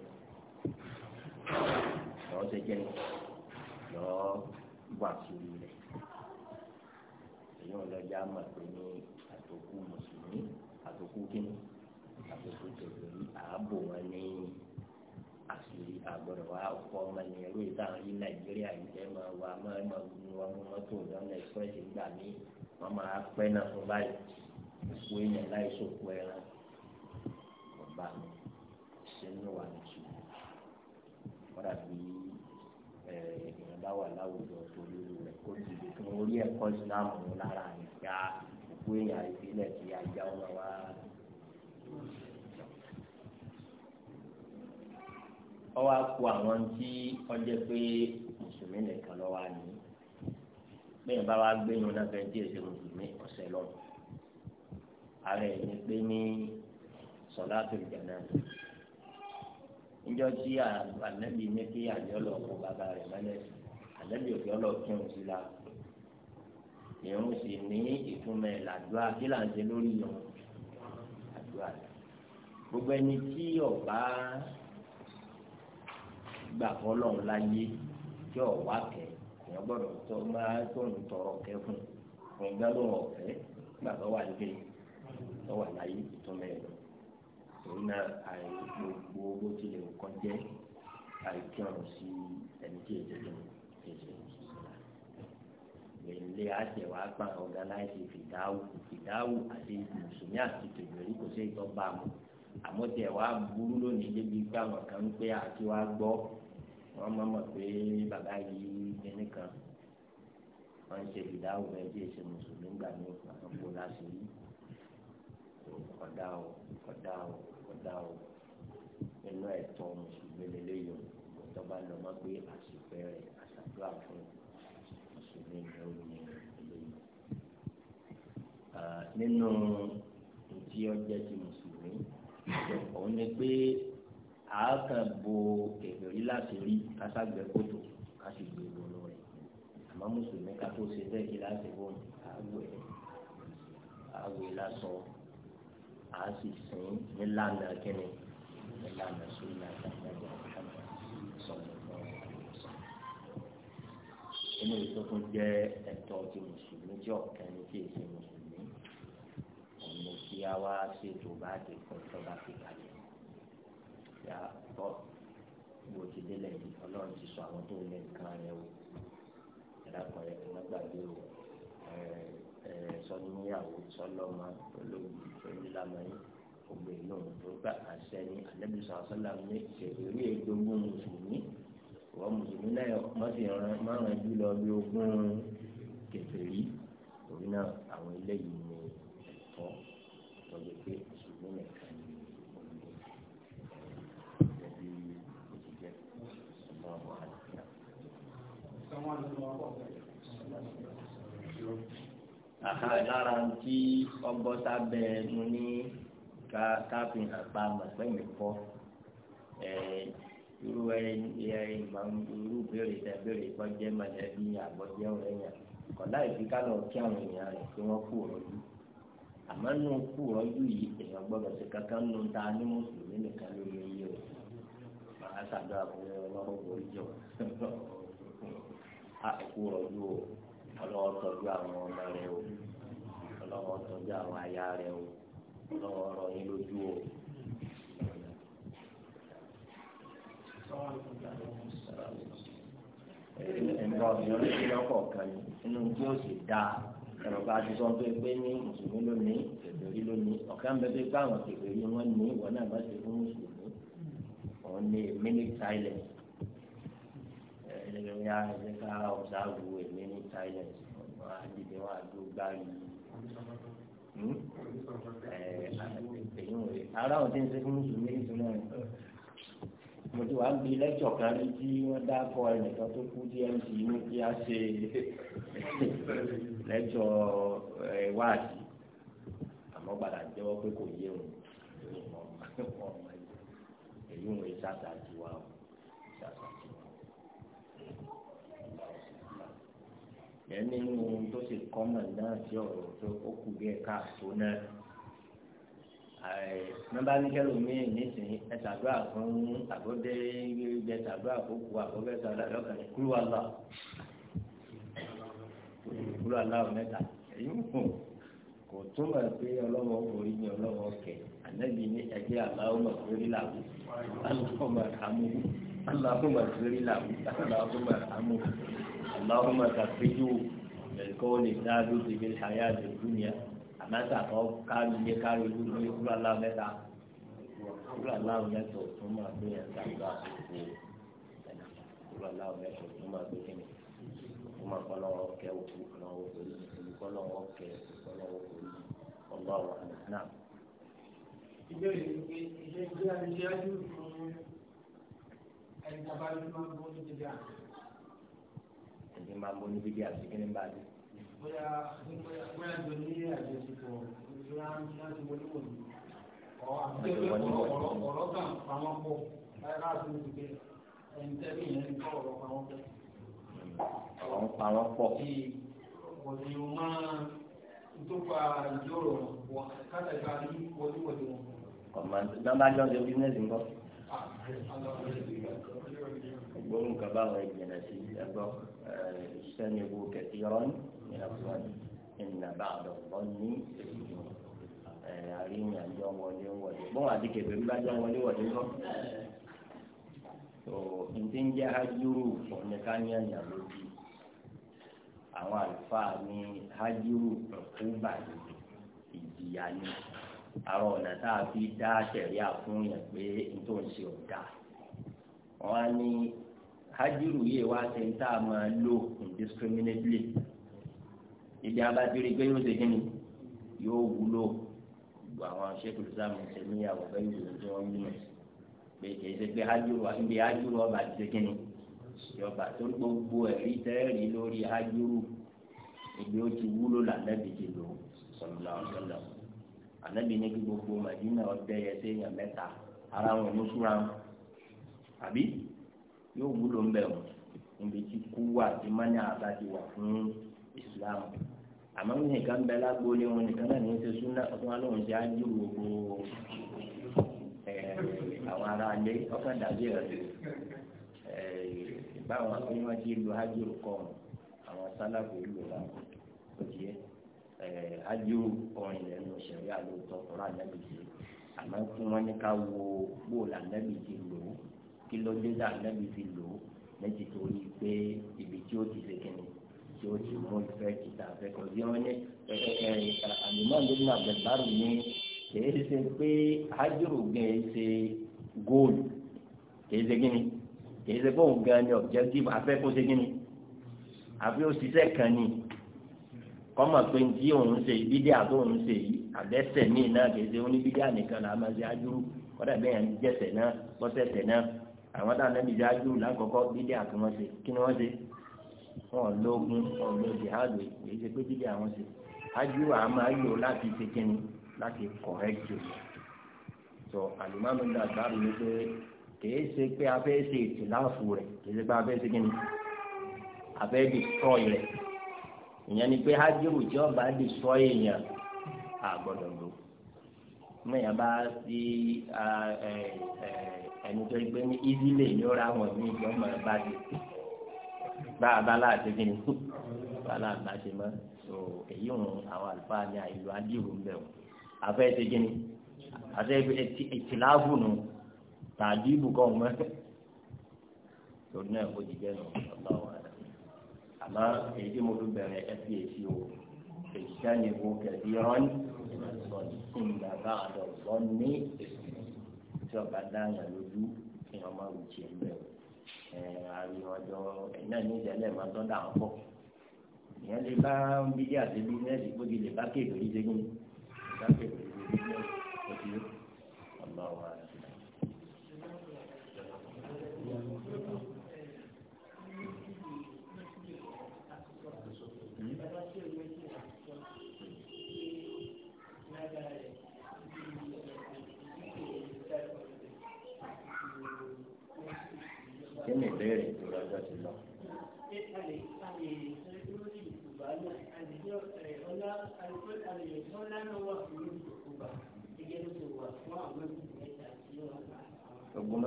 lọ́ọ́ ṣe jẹ́ lọ́ọ́ wà sórí rẹ̀ èyí wọn lọ́jà mọ̀ pé ní àtòkù mùsùlùmí àtòkù kíni àtòkù tẹ̀lé ààbò wọn ní àṣírí àgbọ̀dọ̀ wa ọ̀pọ̀ ọmọ ènìyàn lóye táwọn yìí nàìjíríà yìí ẹ máa wà máa máa gbin wọn mú mọ́tò lọ́nà ẹ̀kọ́ ẹ̀sìn gbà mí wọ́n máa pẹ́ náà fún báyìí òkú èèyàn láì sòkú ẹran bá mi ṣe ní wà ní tù kọ́dà bí èèyàn bá wà láwùjọ tó lórí rẹ̀ kó dìde kí wọ́n rí ẹ̀kọ́ ìsìláàmù wọn lára rẹ̀ gba òkú èèyàn ìbílẹ̀ tí ajá wọn wá. ọwọ́ àpò àwọn tí ọjọ́ pé mùsùlùmí nìkan lọ́wọ́ á ní bẹ́ẹ̀ bá wa gbé yín náà fẹ́ díẹ̀ sí mùsùlùmí ọ̀sẹ̀ lọ́wọ́ ara ẹ̀ ní pé ní sọláàtò jánásà níjọ́ tí ànábì ní kí àjọ lọ kó bàbá rẹ̀ mọ́lẹ̀ ànábì òkè ọlọ tún un sí la ìrún sì ní ìtumọ̀ ẹ̀ làdúrà kí là ń ṣe lórí yàn gbogbo ẹni tí ọba gbà fọlọ́ ńlá tí ọ̀wá kẹ èèyàn gbọ́dọ̀ tó máa tóun tọrọ kẹ fún un òun gbẹ́rù ọ̀fẹ́ wà lókè tó wà láyé ìtumọ̀ lọ òun náà àì gbogbo tí lè kọ́ jẹ́ àìkírun sí ẹni tí èdè lò èdè ilé àjẹwà gbà ọ̀gáláìsì fìdáwù fìdáwù àti mùsùlùmí àti tòbìrì kò sí ìtọ́ba mu àmọ́ tẹ̀ wá burú lónìí débi pé àwọn kan ń pé àti wá gbọ́ wọ́n mọ̀ mọ̀ pé bàbá yìí kíní kan wọ́n ṣe fìdáwù rẹ̀ bí èsì mùsùlùmí gbà ní àwọn kó láṣẹ yìí ọ̀dà ọ̀dà dá o nínú ẹ̀tọ́ mùsùlùmí lélẹ́yìn ìjọba ni ọmọ pé àṣìpẹ́ rẹ̀ àṣàdúrà fún mùsùlùmí ni ó ní eléyìí. nínú ìdí ọjọ́ ti mùsùlùmí òun ni pé àákàn bo èrò yìí láti rí káságbẹ́ kótó ká sì gbé ìgbòho rẹ̀ àmọ́ mùsùlùmí ká tó ṣe bẹ́ẹ̀ kí láti wọ́n àwẹ̀ àwẹ̀ lásán a sì sìn nílànà kínní nílànà sunna ìdàgbàjọ Muhammad sọlọ lọ inú yìí tó tún jẹ ẹ̀tọ́ ti mùsùlùmí tí ọkàn ní kí èsì mùsùlùmí ọmọ kí a wá ṣètò bá ti kọ tó bá fi kalẹ̀ yà bọ wo ti délẹ̀ yìí Ọlọ́run ti sọ àwọn tó ń nǹkan rẹ o ìdàpọ̀ rẹ kí wọ́n gbàgbé o ẹ ẹ sọ níyàwó sọ olóògbé èyí lànà yìí gbogbo ìlú tó gbà àṣẹ ni ànábì sàásọ́là ní ìṣèlérí èdógún mùsùlùmí ìwọ mùsùlùmí náà má sì ràn má ràn jù lọ bí ogún kèfèrí torí náà àwọn eléyìí ni ẹ̀tọ́ tọ́jú pé mùsùlùmí nìkan ni olùdó ẹ̀ẹ́dẹ́gbẹ́ òṣìṣẹ́ ọmọ àwọn àti Aha lára tí ọgbọ́ sábẹ́ ẹnu ní káfíhàn pa mọ̀pẹ́mì kọ́ irú irú béèrè tẹ béèrè kọ́ jẹ́ mọ̀lẹ́bí àbọ̀jẹ́ ọ̀rẹ́ yẹn kọ̀dá ìfikálọ̀ kí àwọn èèyàn rẹ̀ kí wọ́n kú ọ̀rọ̀jú àmọ́ nù kú ọ̀rọ̀jú yìí èèyàn gbọ́dọ̀ sí kankan nù ta ní mùsùlùmí nìkan ló lè yé o màá ṣàdúrà fún ọlọ́run orí jọ *laughs* ẹ̀kú ọ̀rọ̀jú o ọlọ́wọ́ tọ́jú àwọn ọmọ rẹ o ọlọ́wọ́ tọ́jú àwọn aya rẹ o ọlọ́wọ́ rọ yín lójú o. ẹ̀rọ ìyọ́n ní kí lọ́kọ̀ kan ní inú tí ó sì dá ẹ̀rọ bá ti sọ pé pé ní mùsùlùmí lónìí kèfèrí lónìí ọ̀kan bẹ́ẹ̀ pé báwọn kèfèrí wọn ní ìwọ náà bá ti fún mùsùlùmí òun ní minute silence ẹlẹgbẹ ya ẹgbẹ ká ọsà wù èmi ní silence wọn á dìde wọn á dó gbá yìí èyí wòye ara ò ti ń ṣe fún mùsùlùmí ìtumọ̀ rẹ̀ mo ti wá gbé lẹ́kṣọ̀ kan rí tí wọ́n dá kọ ẹnìkan tó kú dmc ní kí a ṣe lẹ́kṣọ̀ wáàsì àmọ́ padà jẹ́wọ́ pé kò yé òun èyí wòye sáta ti wá o. yẹn nínú ohun tó ṣe kọ́mọ̀ náà sí ọ̀rọ̀ tó ó kù díẹ̀ káàtó náà nọ́mbà níkẹ́ lómi nísìnyí ẹ ṣàdúrà fún àgọ́dẹ́ ẹ ṣàdúrà fókù àgọ́dẹ́ ṣàdúrà lọ́kàn ní kúrú àlá kúrú àlá mẹ́ta èyí ń fún kò túmọ̀ pé ọlọ́wọ́ orí ni ọlọ́wọ́ kẹ̀ ànábì ní ẹgbẹ́ àlá ọmọ orí làwọn ọmọ àmúlò. اللهم اغفر له اللهم ارحمه اللهم كفيه من كون الثابت بالحياة الدنيا àmọ́ sàkọ́ káàmì yẹ káàmì ojú ní kúrò aláàmẹ́ta kúrò aláàmẹ́ta tó máa gbé yẹn sàgbà àsìkò kúrò aláàmẹ́ta tó máa gbé yẹn tó máa kọ́ lọ́wọ́ kẹ́ òkú lọ́wọ́ òkú olùkọ́ lọ́wọ́ kẹ́ òkú lọ́wọ́ ẹni tí a bá lójú máa ń bọ́ ní bíbí àná. ẹni máa ń bọ́ ní bíbí àti kí ni bá dé. bóyá bóyá jọ ní àjọṣepọ̀ ìṣúná láti wọlé wọlé ọ̀ àti ọ̀rọ̀ ọ̀rọ̀ kan pamọ́ pọ̀ láyé láti ní ìgbé ẹni tẹ́lẹ̀ yẹn ń kọ́ ọ̀rọ̀ pamọ́ pọ̀. ọ̀rọ̀ pamọ́ pọ̀. wọ̀nyí o máa ń tó fa ìjọ́rọ̀ wọn kátàkárì wọlé wọlé wọn. ọ̀mọ̀ nígbà jọ́ ń ṣe bísíǹnẹ̀sì ńkọ́. gbogbo nǹkan báwọn ìjìnlẹ̀ sí ẹgbọ́ ìṣẹ́niwó kẹtìrọ́ ní ẹ̀fọ́ ìnàbà àdọ̀gbọ́ ní èyí àríyìn àjọ wọlé wọlé bọ́n àti kẹfẹ́ bí bá jọ àwọn ọ̀nà tá a fi dá sẹ̀ríà fún yẹn pé n tó ń ṣe ọ̀dà wọn á ní hajiru yìí wá ṣe ń tá a máa lò indiscriminately ibi abájúri pé yóò ṣe kí ni yóò wúlò gbogbo àwọn sẹ́kùlù sáàmù ìṣẹ̀míyàwó bẹ́ẹ̀ yóò ṣe wọ́n wúlò pé kì í ṣe pé hajiru ibi hajiru ọba ti ṣe kí ni ìjọba tó gbogbo ẹ̀rí tẹ́ẹ̀rí lórí hajiru ibi ó ti wúlò lànà ìdíje lò sọ̀rọ̀ làwọn sọ̀rọ̀ làwọn. ànábì ní gbogbo madina ọdẹ yẹ sí èèyàn ara wọn ní súra wọn àbí yóò wúlò ń bẹ wọn níbi tí kú wà tí mánà àbá ti wà fún Islam àmọ́ wọn nìkan bẹ lágbo ni wọn nìkan náà ní ṣe ṣe gbogbo àwọn ará ilé ọkàn dàbí ẹ̀rọ báwọn lu kọ àwọn ìlú ajiru ọrin rẹ lọ sẹrí àlòtọ ọ̀rọ̀ ànábì sí àmọ́ kí wọn ní ká wo bóòlù ànábì ti lò ó kí ló dé dá ànábì fi lò ó méjì tó rí i pé ibi tí ó ti ṣe kíni tí ó ti mú ìfẹ́ kíta fẹ́ kọ́ bí wọ́n ní ẹ̀ẹ́dẹ́gbẹ́ àlùmọ́ ló ní àgbẹ̀bárù ní kìí ṣe pé ajiru gan ẹ ṣe góòlù kìí ṣe kíni kìí ṣe bóun ni objective afẹ́ kó ṣe kíni àfi òṣìṣẹ́ kan ni kọ́mọ̀ pé ń tí òun ṣe bídíà tó òun ṣe yìí àdẹ́sẹ̀ míì náà kì í ṣe oníbídíà nìkan là á máa ṣe ájúrú kọ́dà bẹ́ẹ̀ ń jẹ́sẹ̀ náà bọ́sẹ̀sẹ̀ náà àwọn táwọn ẹbí ṣe ájúrú lákọ̀ọ́kọ́ bídíà kí wọ́n ṣe kí ni wọ́n ṣe wọn lóògùn wọn lọ jihadu èyí ṣe pé bídíà wọn ṣe ájúrú àá máa yọ láti ṣe kíni ni pé kìí ṣe pé afẹ́ ṣe ìtìláàfù rẹ̀ kìí ṣe pé afẹ́ ṣe kíni ìyẹn ni pé hajiru tí ọba di sọ èèyàn àgbọ́dọ̀ lò mẹyàn bá sí ẹni tó gbé ní ìdílé ìyọra wọn ní ìjọba bá ti bá a bá láti fi ní bá láti bá ti mọ so èyí ń àwọn àlùfáà ní àìlú hajiru ń bẹ̀ wọ́n afẹ́ ti gíní àti ìtìláàbù nù tàbí ibùkọ́ ọ̀hún mẹ́fẹ́ torí náà ó nù ọ̀gá wa àmọ́ èyí tí mo tún bẹ̀rẹ̀ fpac o èyíṣẹ́ni wo kẹ̀sí rán sọ̀nì ìgbà bá àdọ̀ lọ ní èsì tí ọba dáhùn lójú kí wọ́n máa wùjì ẹ̀ bẹ̀rẹ̀ ẹ̀ àríwọ̀n ọjọ́ ẹ̀yìn náà ní ìdẹ́lẹ̀ máa tọ́ dà pọ̀ ìyẹn lè bá bídí àti bísíǹnẹ́sì bó ti lè bá kéèké yìí ṣe kí ni bá kéèké yìí ṣe kí ni ọ̀gbọ́n wa rẹ̀.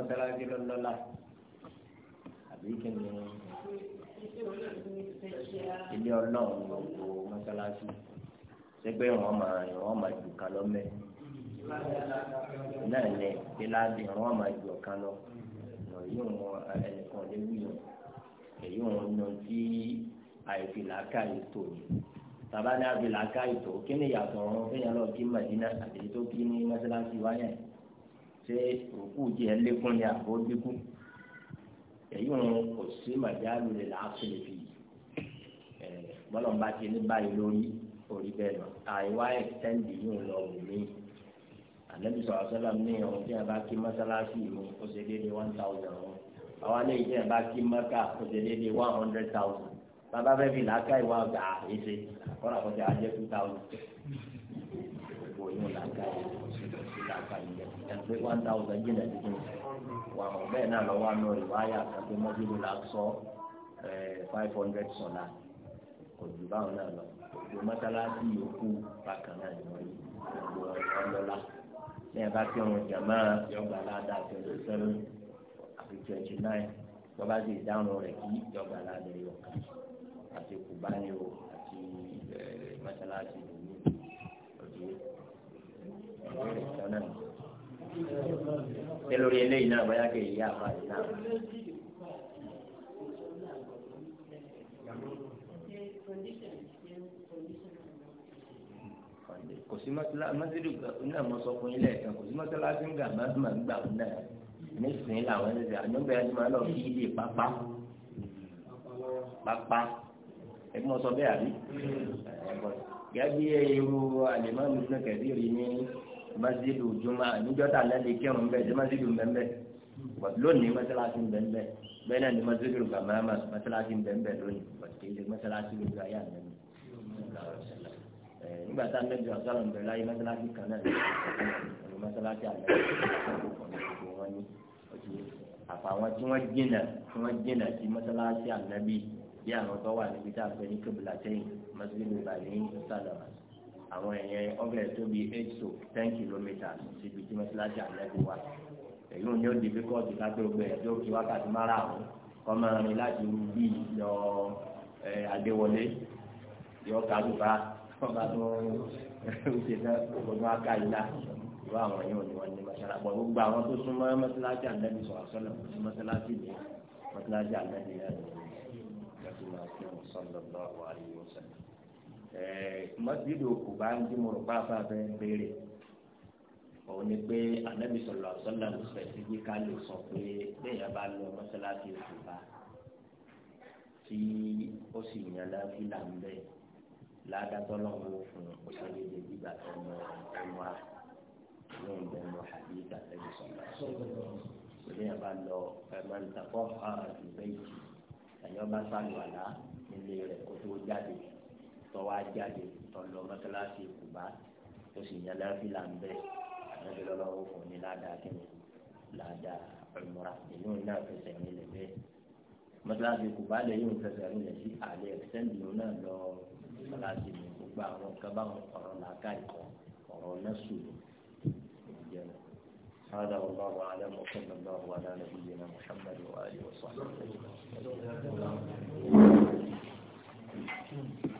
mọ́sálásí lọ́lọ́lá àbí kí ni ilé ọlọ́run gbogbo mọ́sálásí sẹ́gbẹ́ ìwọ̀n máa ìwọ̀n máa jù kan lọ mẹ́ náà ní ìlàdí ìwọ̀n máa jù kan lọ èyí wọn ẹnìkan lè wí o èyí wọn yan tí àìfìlàkà ètò yìí tàbá ní àfìlàkà ètò kí ni ìyàtọ̀ ọ̀run fẹ́yàn lọ kí màdínà àti ètò kí ní mọ́sálásí wáyà yìí ṣé òkú jẹ́ lékún ní àbọ̀ dínkù èyí wọn kò sí màjálù rẹ̀ láàfin fi ẹ̀ bọ́lọ̀mbá ti ní báyìí lórí orí bẹ́ẹ̀ lọ àìwá ẹ̀tẹ́ǹdì yìí lọ wù mí ànábì sọ̀rọ̀ sọ́lá mi ọ̀hún tí a bá kí mọ́sálásí mi ó ṣe déédéé one thousand ọ̀hún àwa lè jẹ́ bá kí mọ́ká ó ṣe déédéé one hundred thousand bàbá bẹ́ẹ̀ fi làákà ìwà ọ̀gá èsè àkọ́rọ̀ àkọ́jọ́ ajẹ́ two thousand gbogbo yóò làákà yìí ẹgbẹ́ one thousand jìnnà dídùn wà ó bẹ́ẹ̀ náà lọ́wọ́ àná ìwáyà àti mọ́júlù la sọ five hundred sọ̀la kò jù báwọn náà lọ gbogbo mọ́sálásí yòókù bákan náà ni wọ́n yí gbogbo ọlọ́lá ní ẹ̀ bá kí wọn jàmá yọgbà ládàá twenty seven àti twenty nine bọ́bá sì dáhùn rẹ̀ kí yọgbà ládàá yọkà àti kùbánirò àti mọ́sálásí yòókù ṣe lórí eléyìí náà báyà kì í yá àbáyé náà. kò sí mọ́sídù náà mo sọ fún yín lẹ́ẹ̀kan kò sí mọ́sálásí ń gbà máa ń gbà wọn náà nísìnyí làwọn ẹni sẹ́yìn àjọgbẹ́ ẹni máa lọ kí ilé pápá pápá ẹbí mo sọ bẹ́ẹ̀ àbí gẹ́gẹ́ bí irú àlèmọ́ mi náà kẹ̀síìrì ní masjidu juma níjọ́ tá a lẹ́lẹ̀ kírun bẹ́ẹ̀ ṣé masjidu bẹ́ẹ̀ lónìí masalasi bẹ́ẹ̀ bẹ́ẹ̀ náà ni masjidu gamama masalasi bẹ́ẹ̀ lónìí pàṣẹ masalasi gbogbo ayé àná mi nígbà tá a mẹ́jọ àgbàlọ̀ ń bẹ̀rẹ̀ láyé masalasi kan náà ni masalasi àná mi wọ́n ní àfàwọn tí wọ́n jìnà tí wọ́n jìnà sí masalasi ànábì bí àwọn tó wà níbi tá a fẹ́ ní kébìlà sẹ́yìn masjidu bàlẹ́ yìí àwọn ẹ̀yẹn ọbẹ̀ tó bí eight to ten kilometres síbi tí mọ́sálásí àlẹ́kùn wa èyí ò ní ó di bíkọ́ọ̀tì lágbègbè tó kí wákàtí márààrún kọ́ máa rìn láti rú bí lọ adéwọlé yọ kálùbá ọba tó ń ṣe náà gbogbo akáyílá ìwọ àwọn yóò ní wọn ní mọ́sálásí bọ̀ gbogbo àwọn tó súnmọ́ mọ́sálásí àlẹ́kùn sọ̀rọ̀ sọ́nà mọ́sálásí ni mọ́sálásí àlẹ́kùn yẹn ló ń sọ́nà lọ́wọ́ àríwọ̀ mọ́sídìí òkú bá ń dín mọ̀rọ̀ pàápàá bẹ́ẹ̀ béèrè òun ni pé anabi sọlọ sọlọ ló fẹ́ sí bí ká lè sọ pé bẹ́ẹ̀ bá lọ mọ́sálásí òkú bá tí ó sì yàn láfíà ń bẹ́ẹ̀ ládàtọ́ lọ́wọ́ fún òṣèlédè gbígbà tó ń mọ ló ń bẹ mọ hadith àtẹ́bí sọ̀rọ̀ sọ̀rọ̀ yẹn bá lọ ẹ̀mọ́ntàkọ́ ààrùn ah, ìbẹ́yìí ẹ̀yọ́ bá sálùwàlá nílé rẹ̀ kó tó jáde tọ́wọ́ ajáde tọ́lọ mọ́tàláṣí kùbá tó sì yẹn láfíà ń bẹ́ ànábi lọ́wọ́ fún ní ládàá kínní ládàá ọ̀mọ́ra èyí ń náà fẹsẹ̀ nílẹ̀ bẹ́ẹ̀ mọ́tàláṣí kùbá lè yóò fẹsẹ̀ nílẹ̀ sí àlẹ́ ẹ̀sẹ̀ǹdì òun náà lọ mọ́tàláṣí mi gbogbo àwọn kábà ọ̀rọ̀ làákà ìkọ ọ̀rọ̀ nẹ́sù هذا والله اعلم وصلى الله على نبينا محمد واله وصحبه وسلم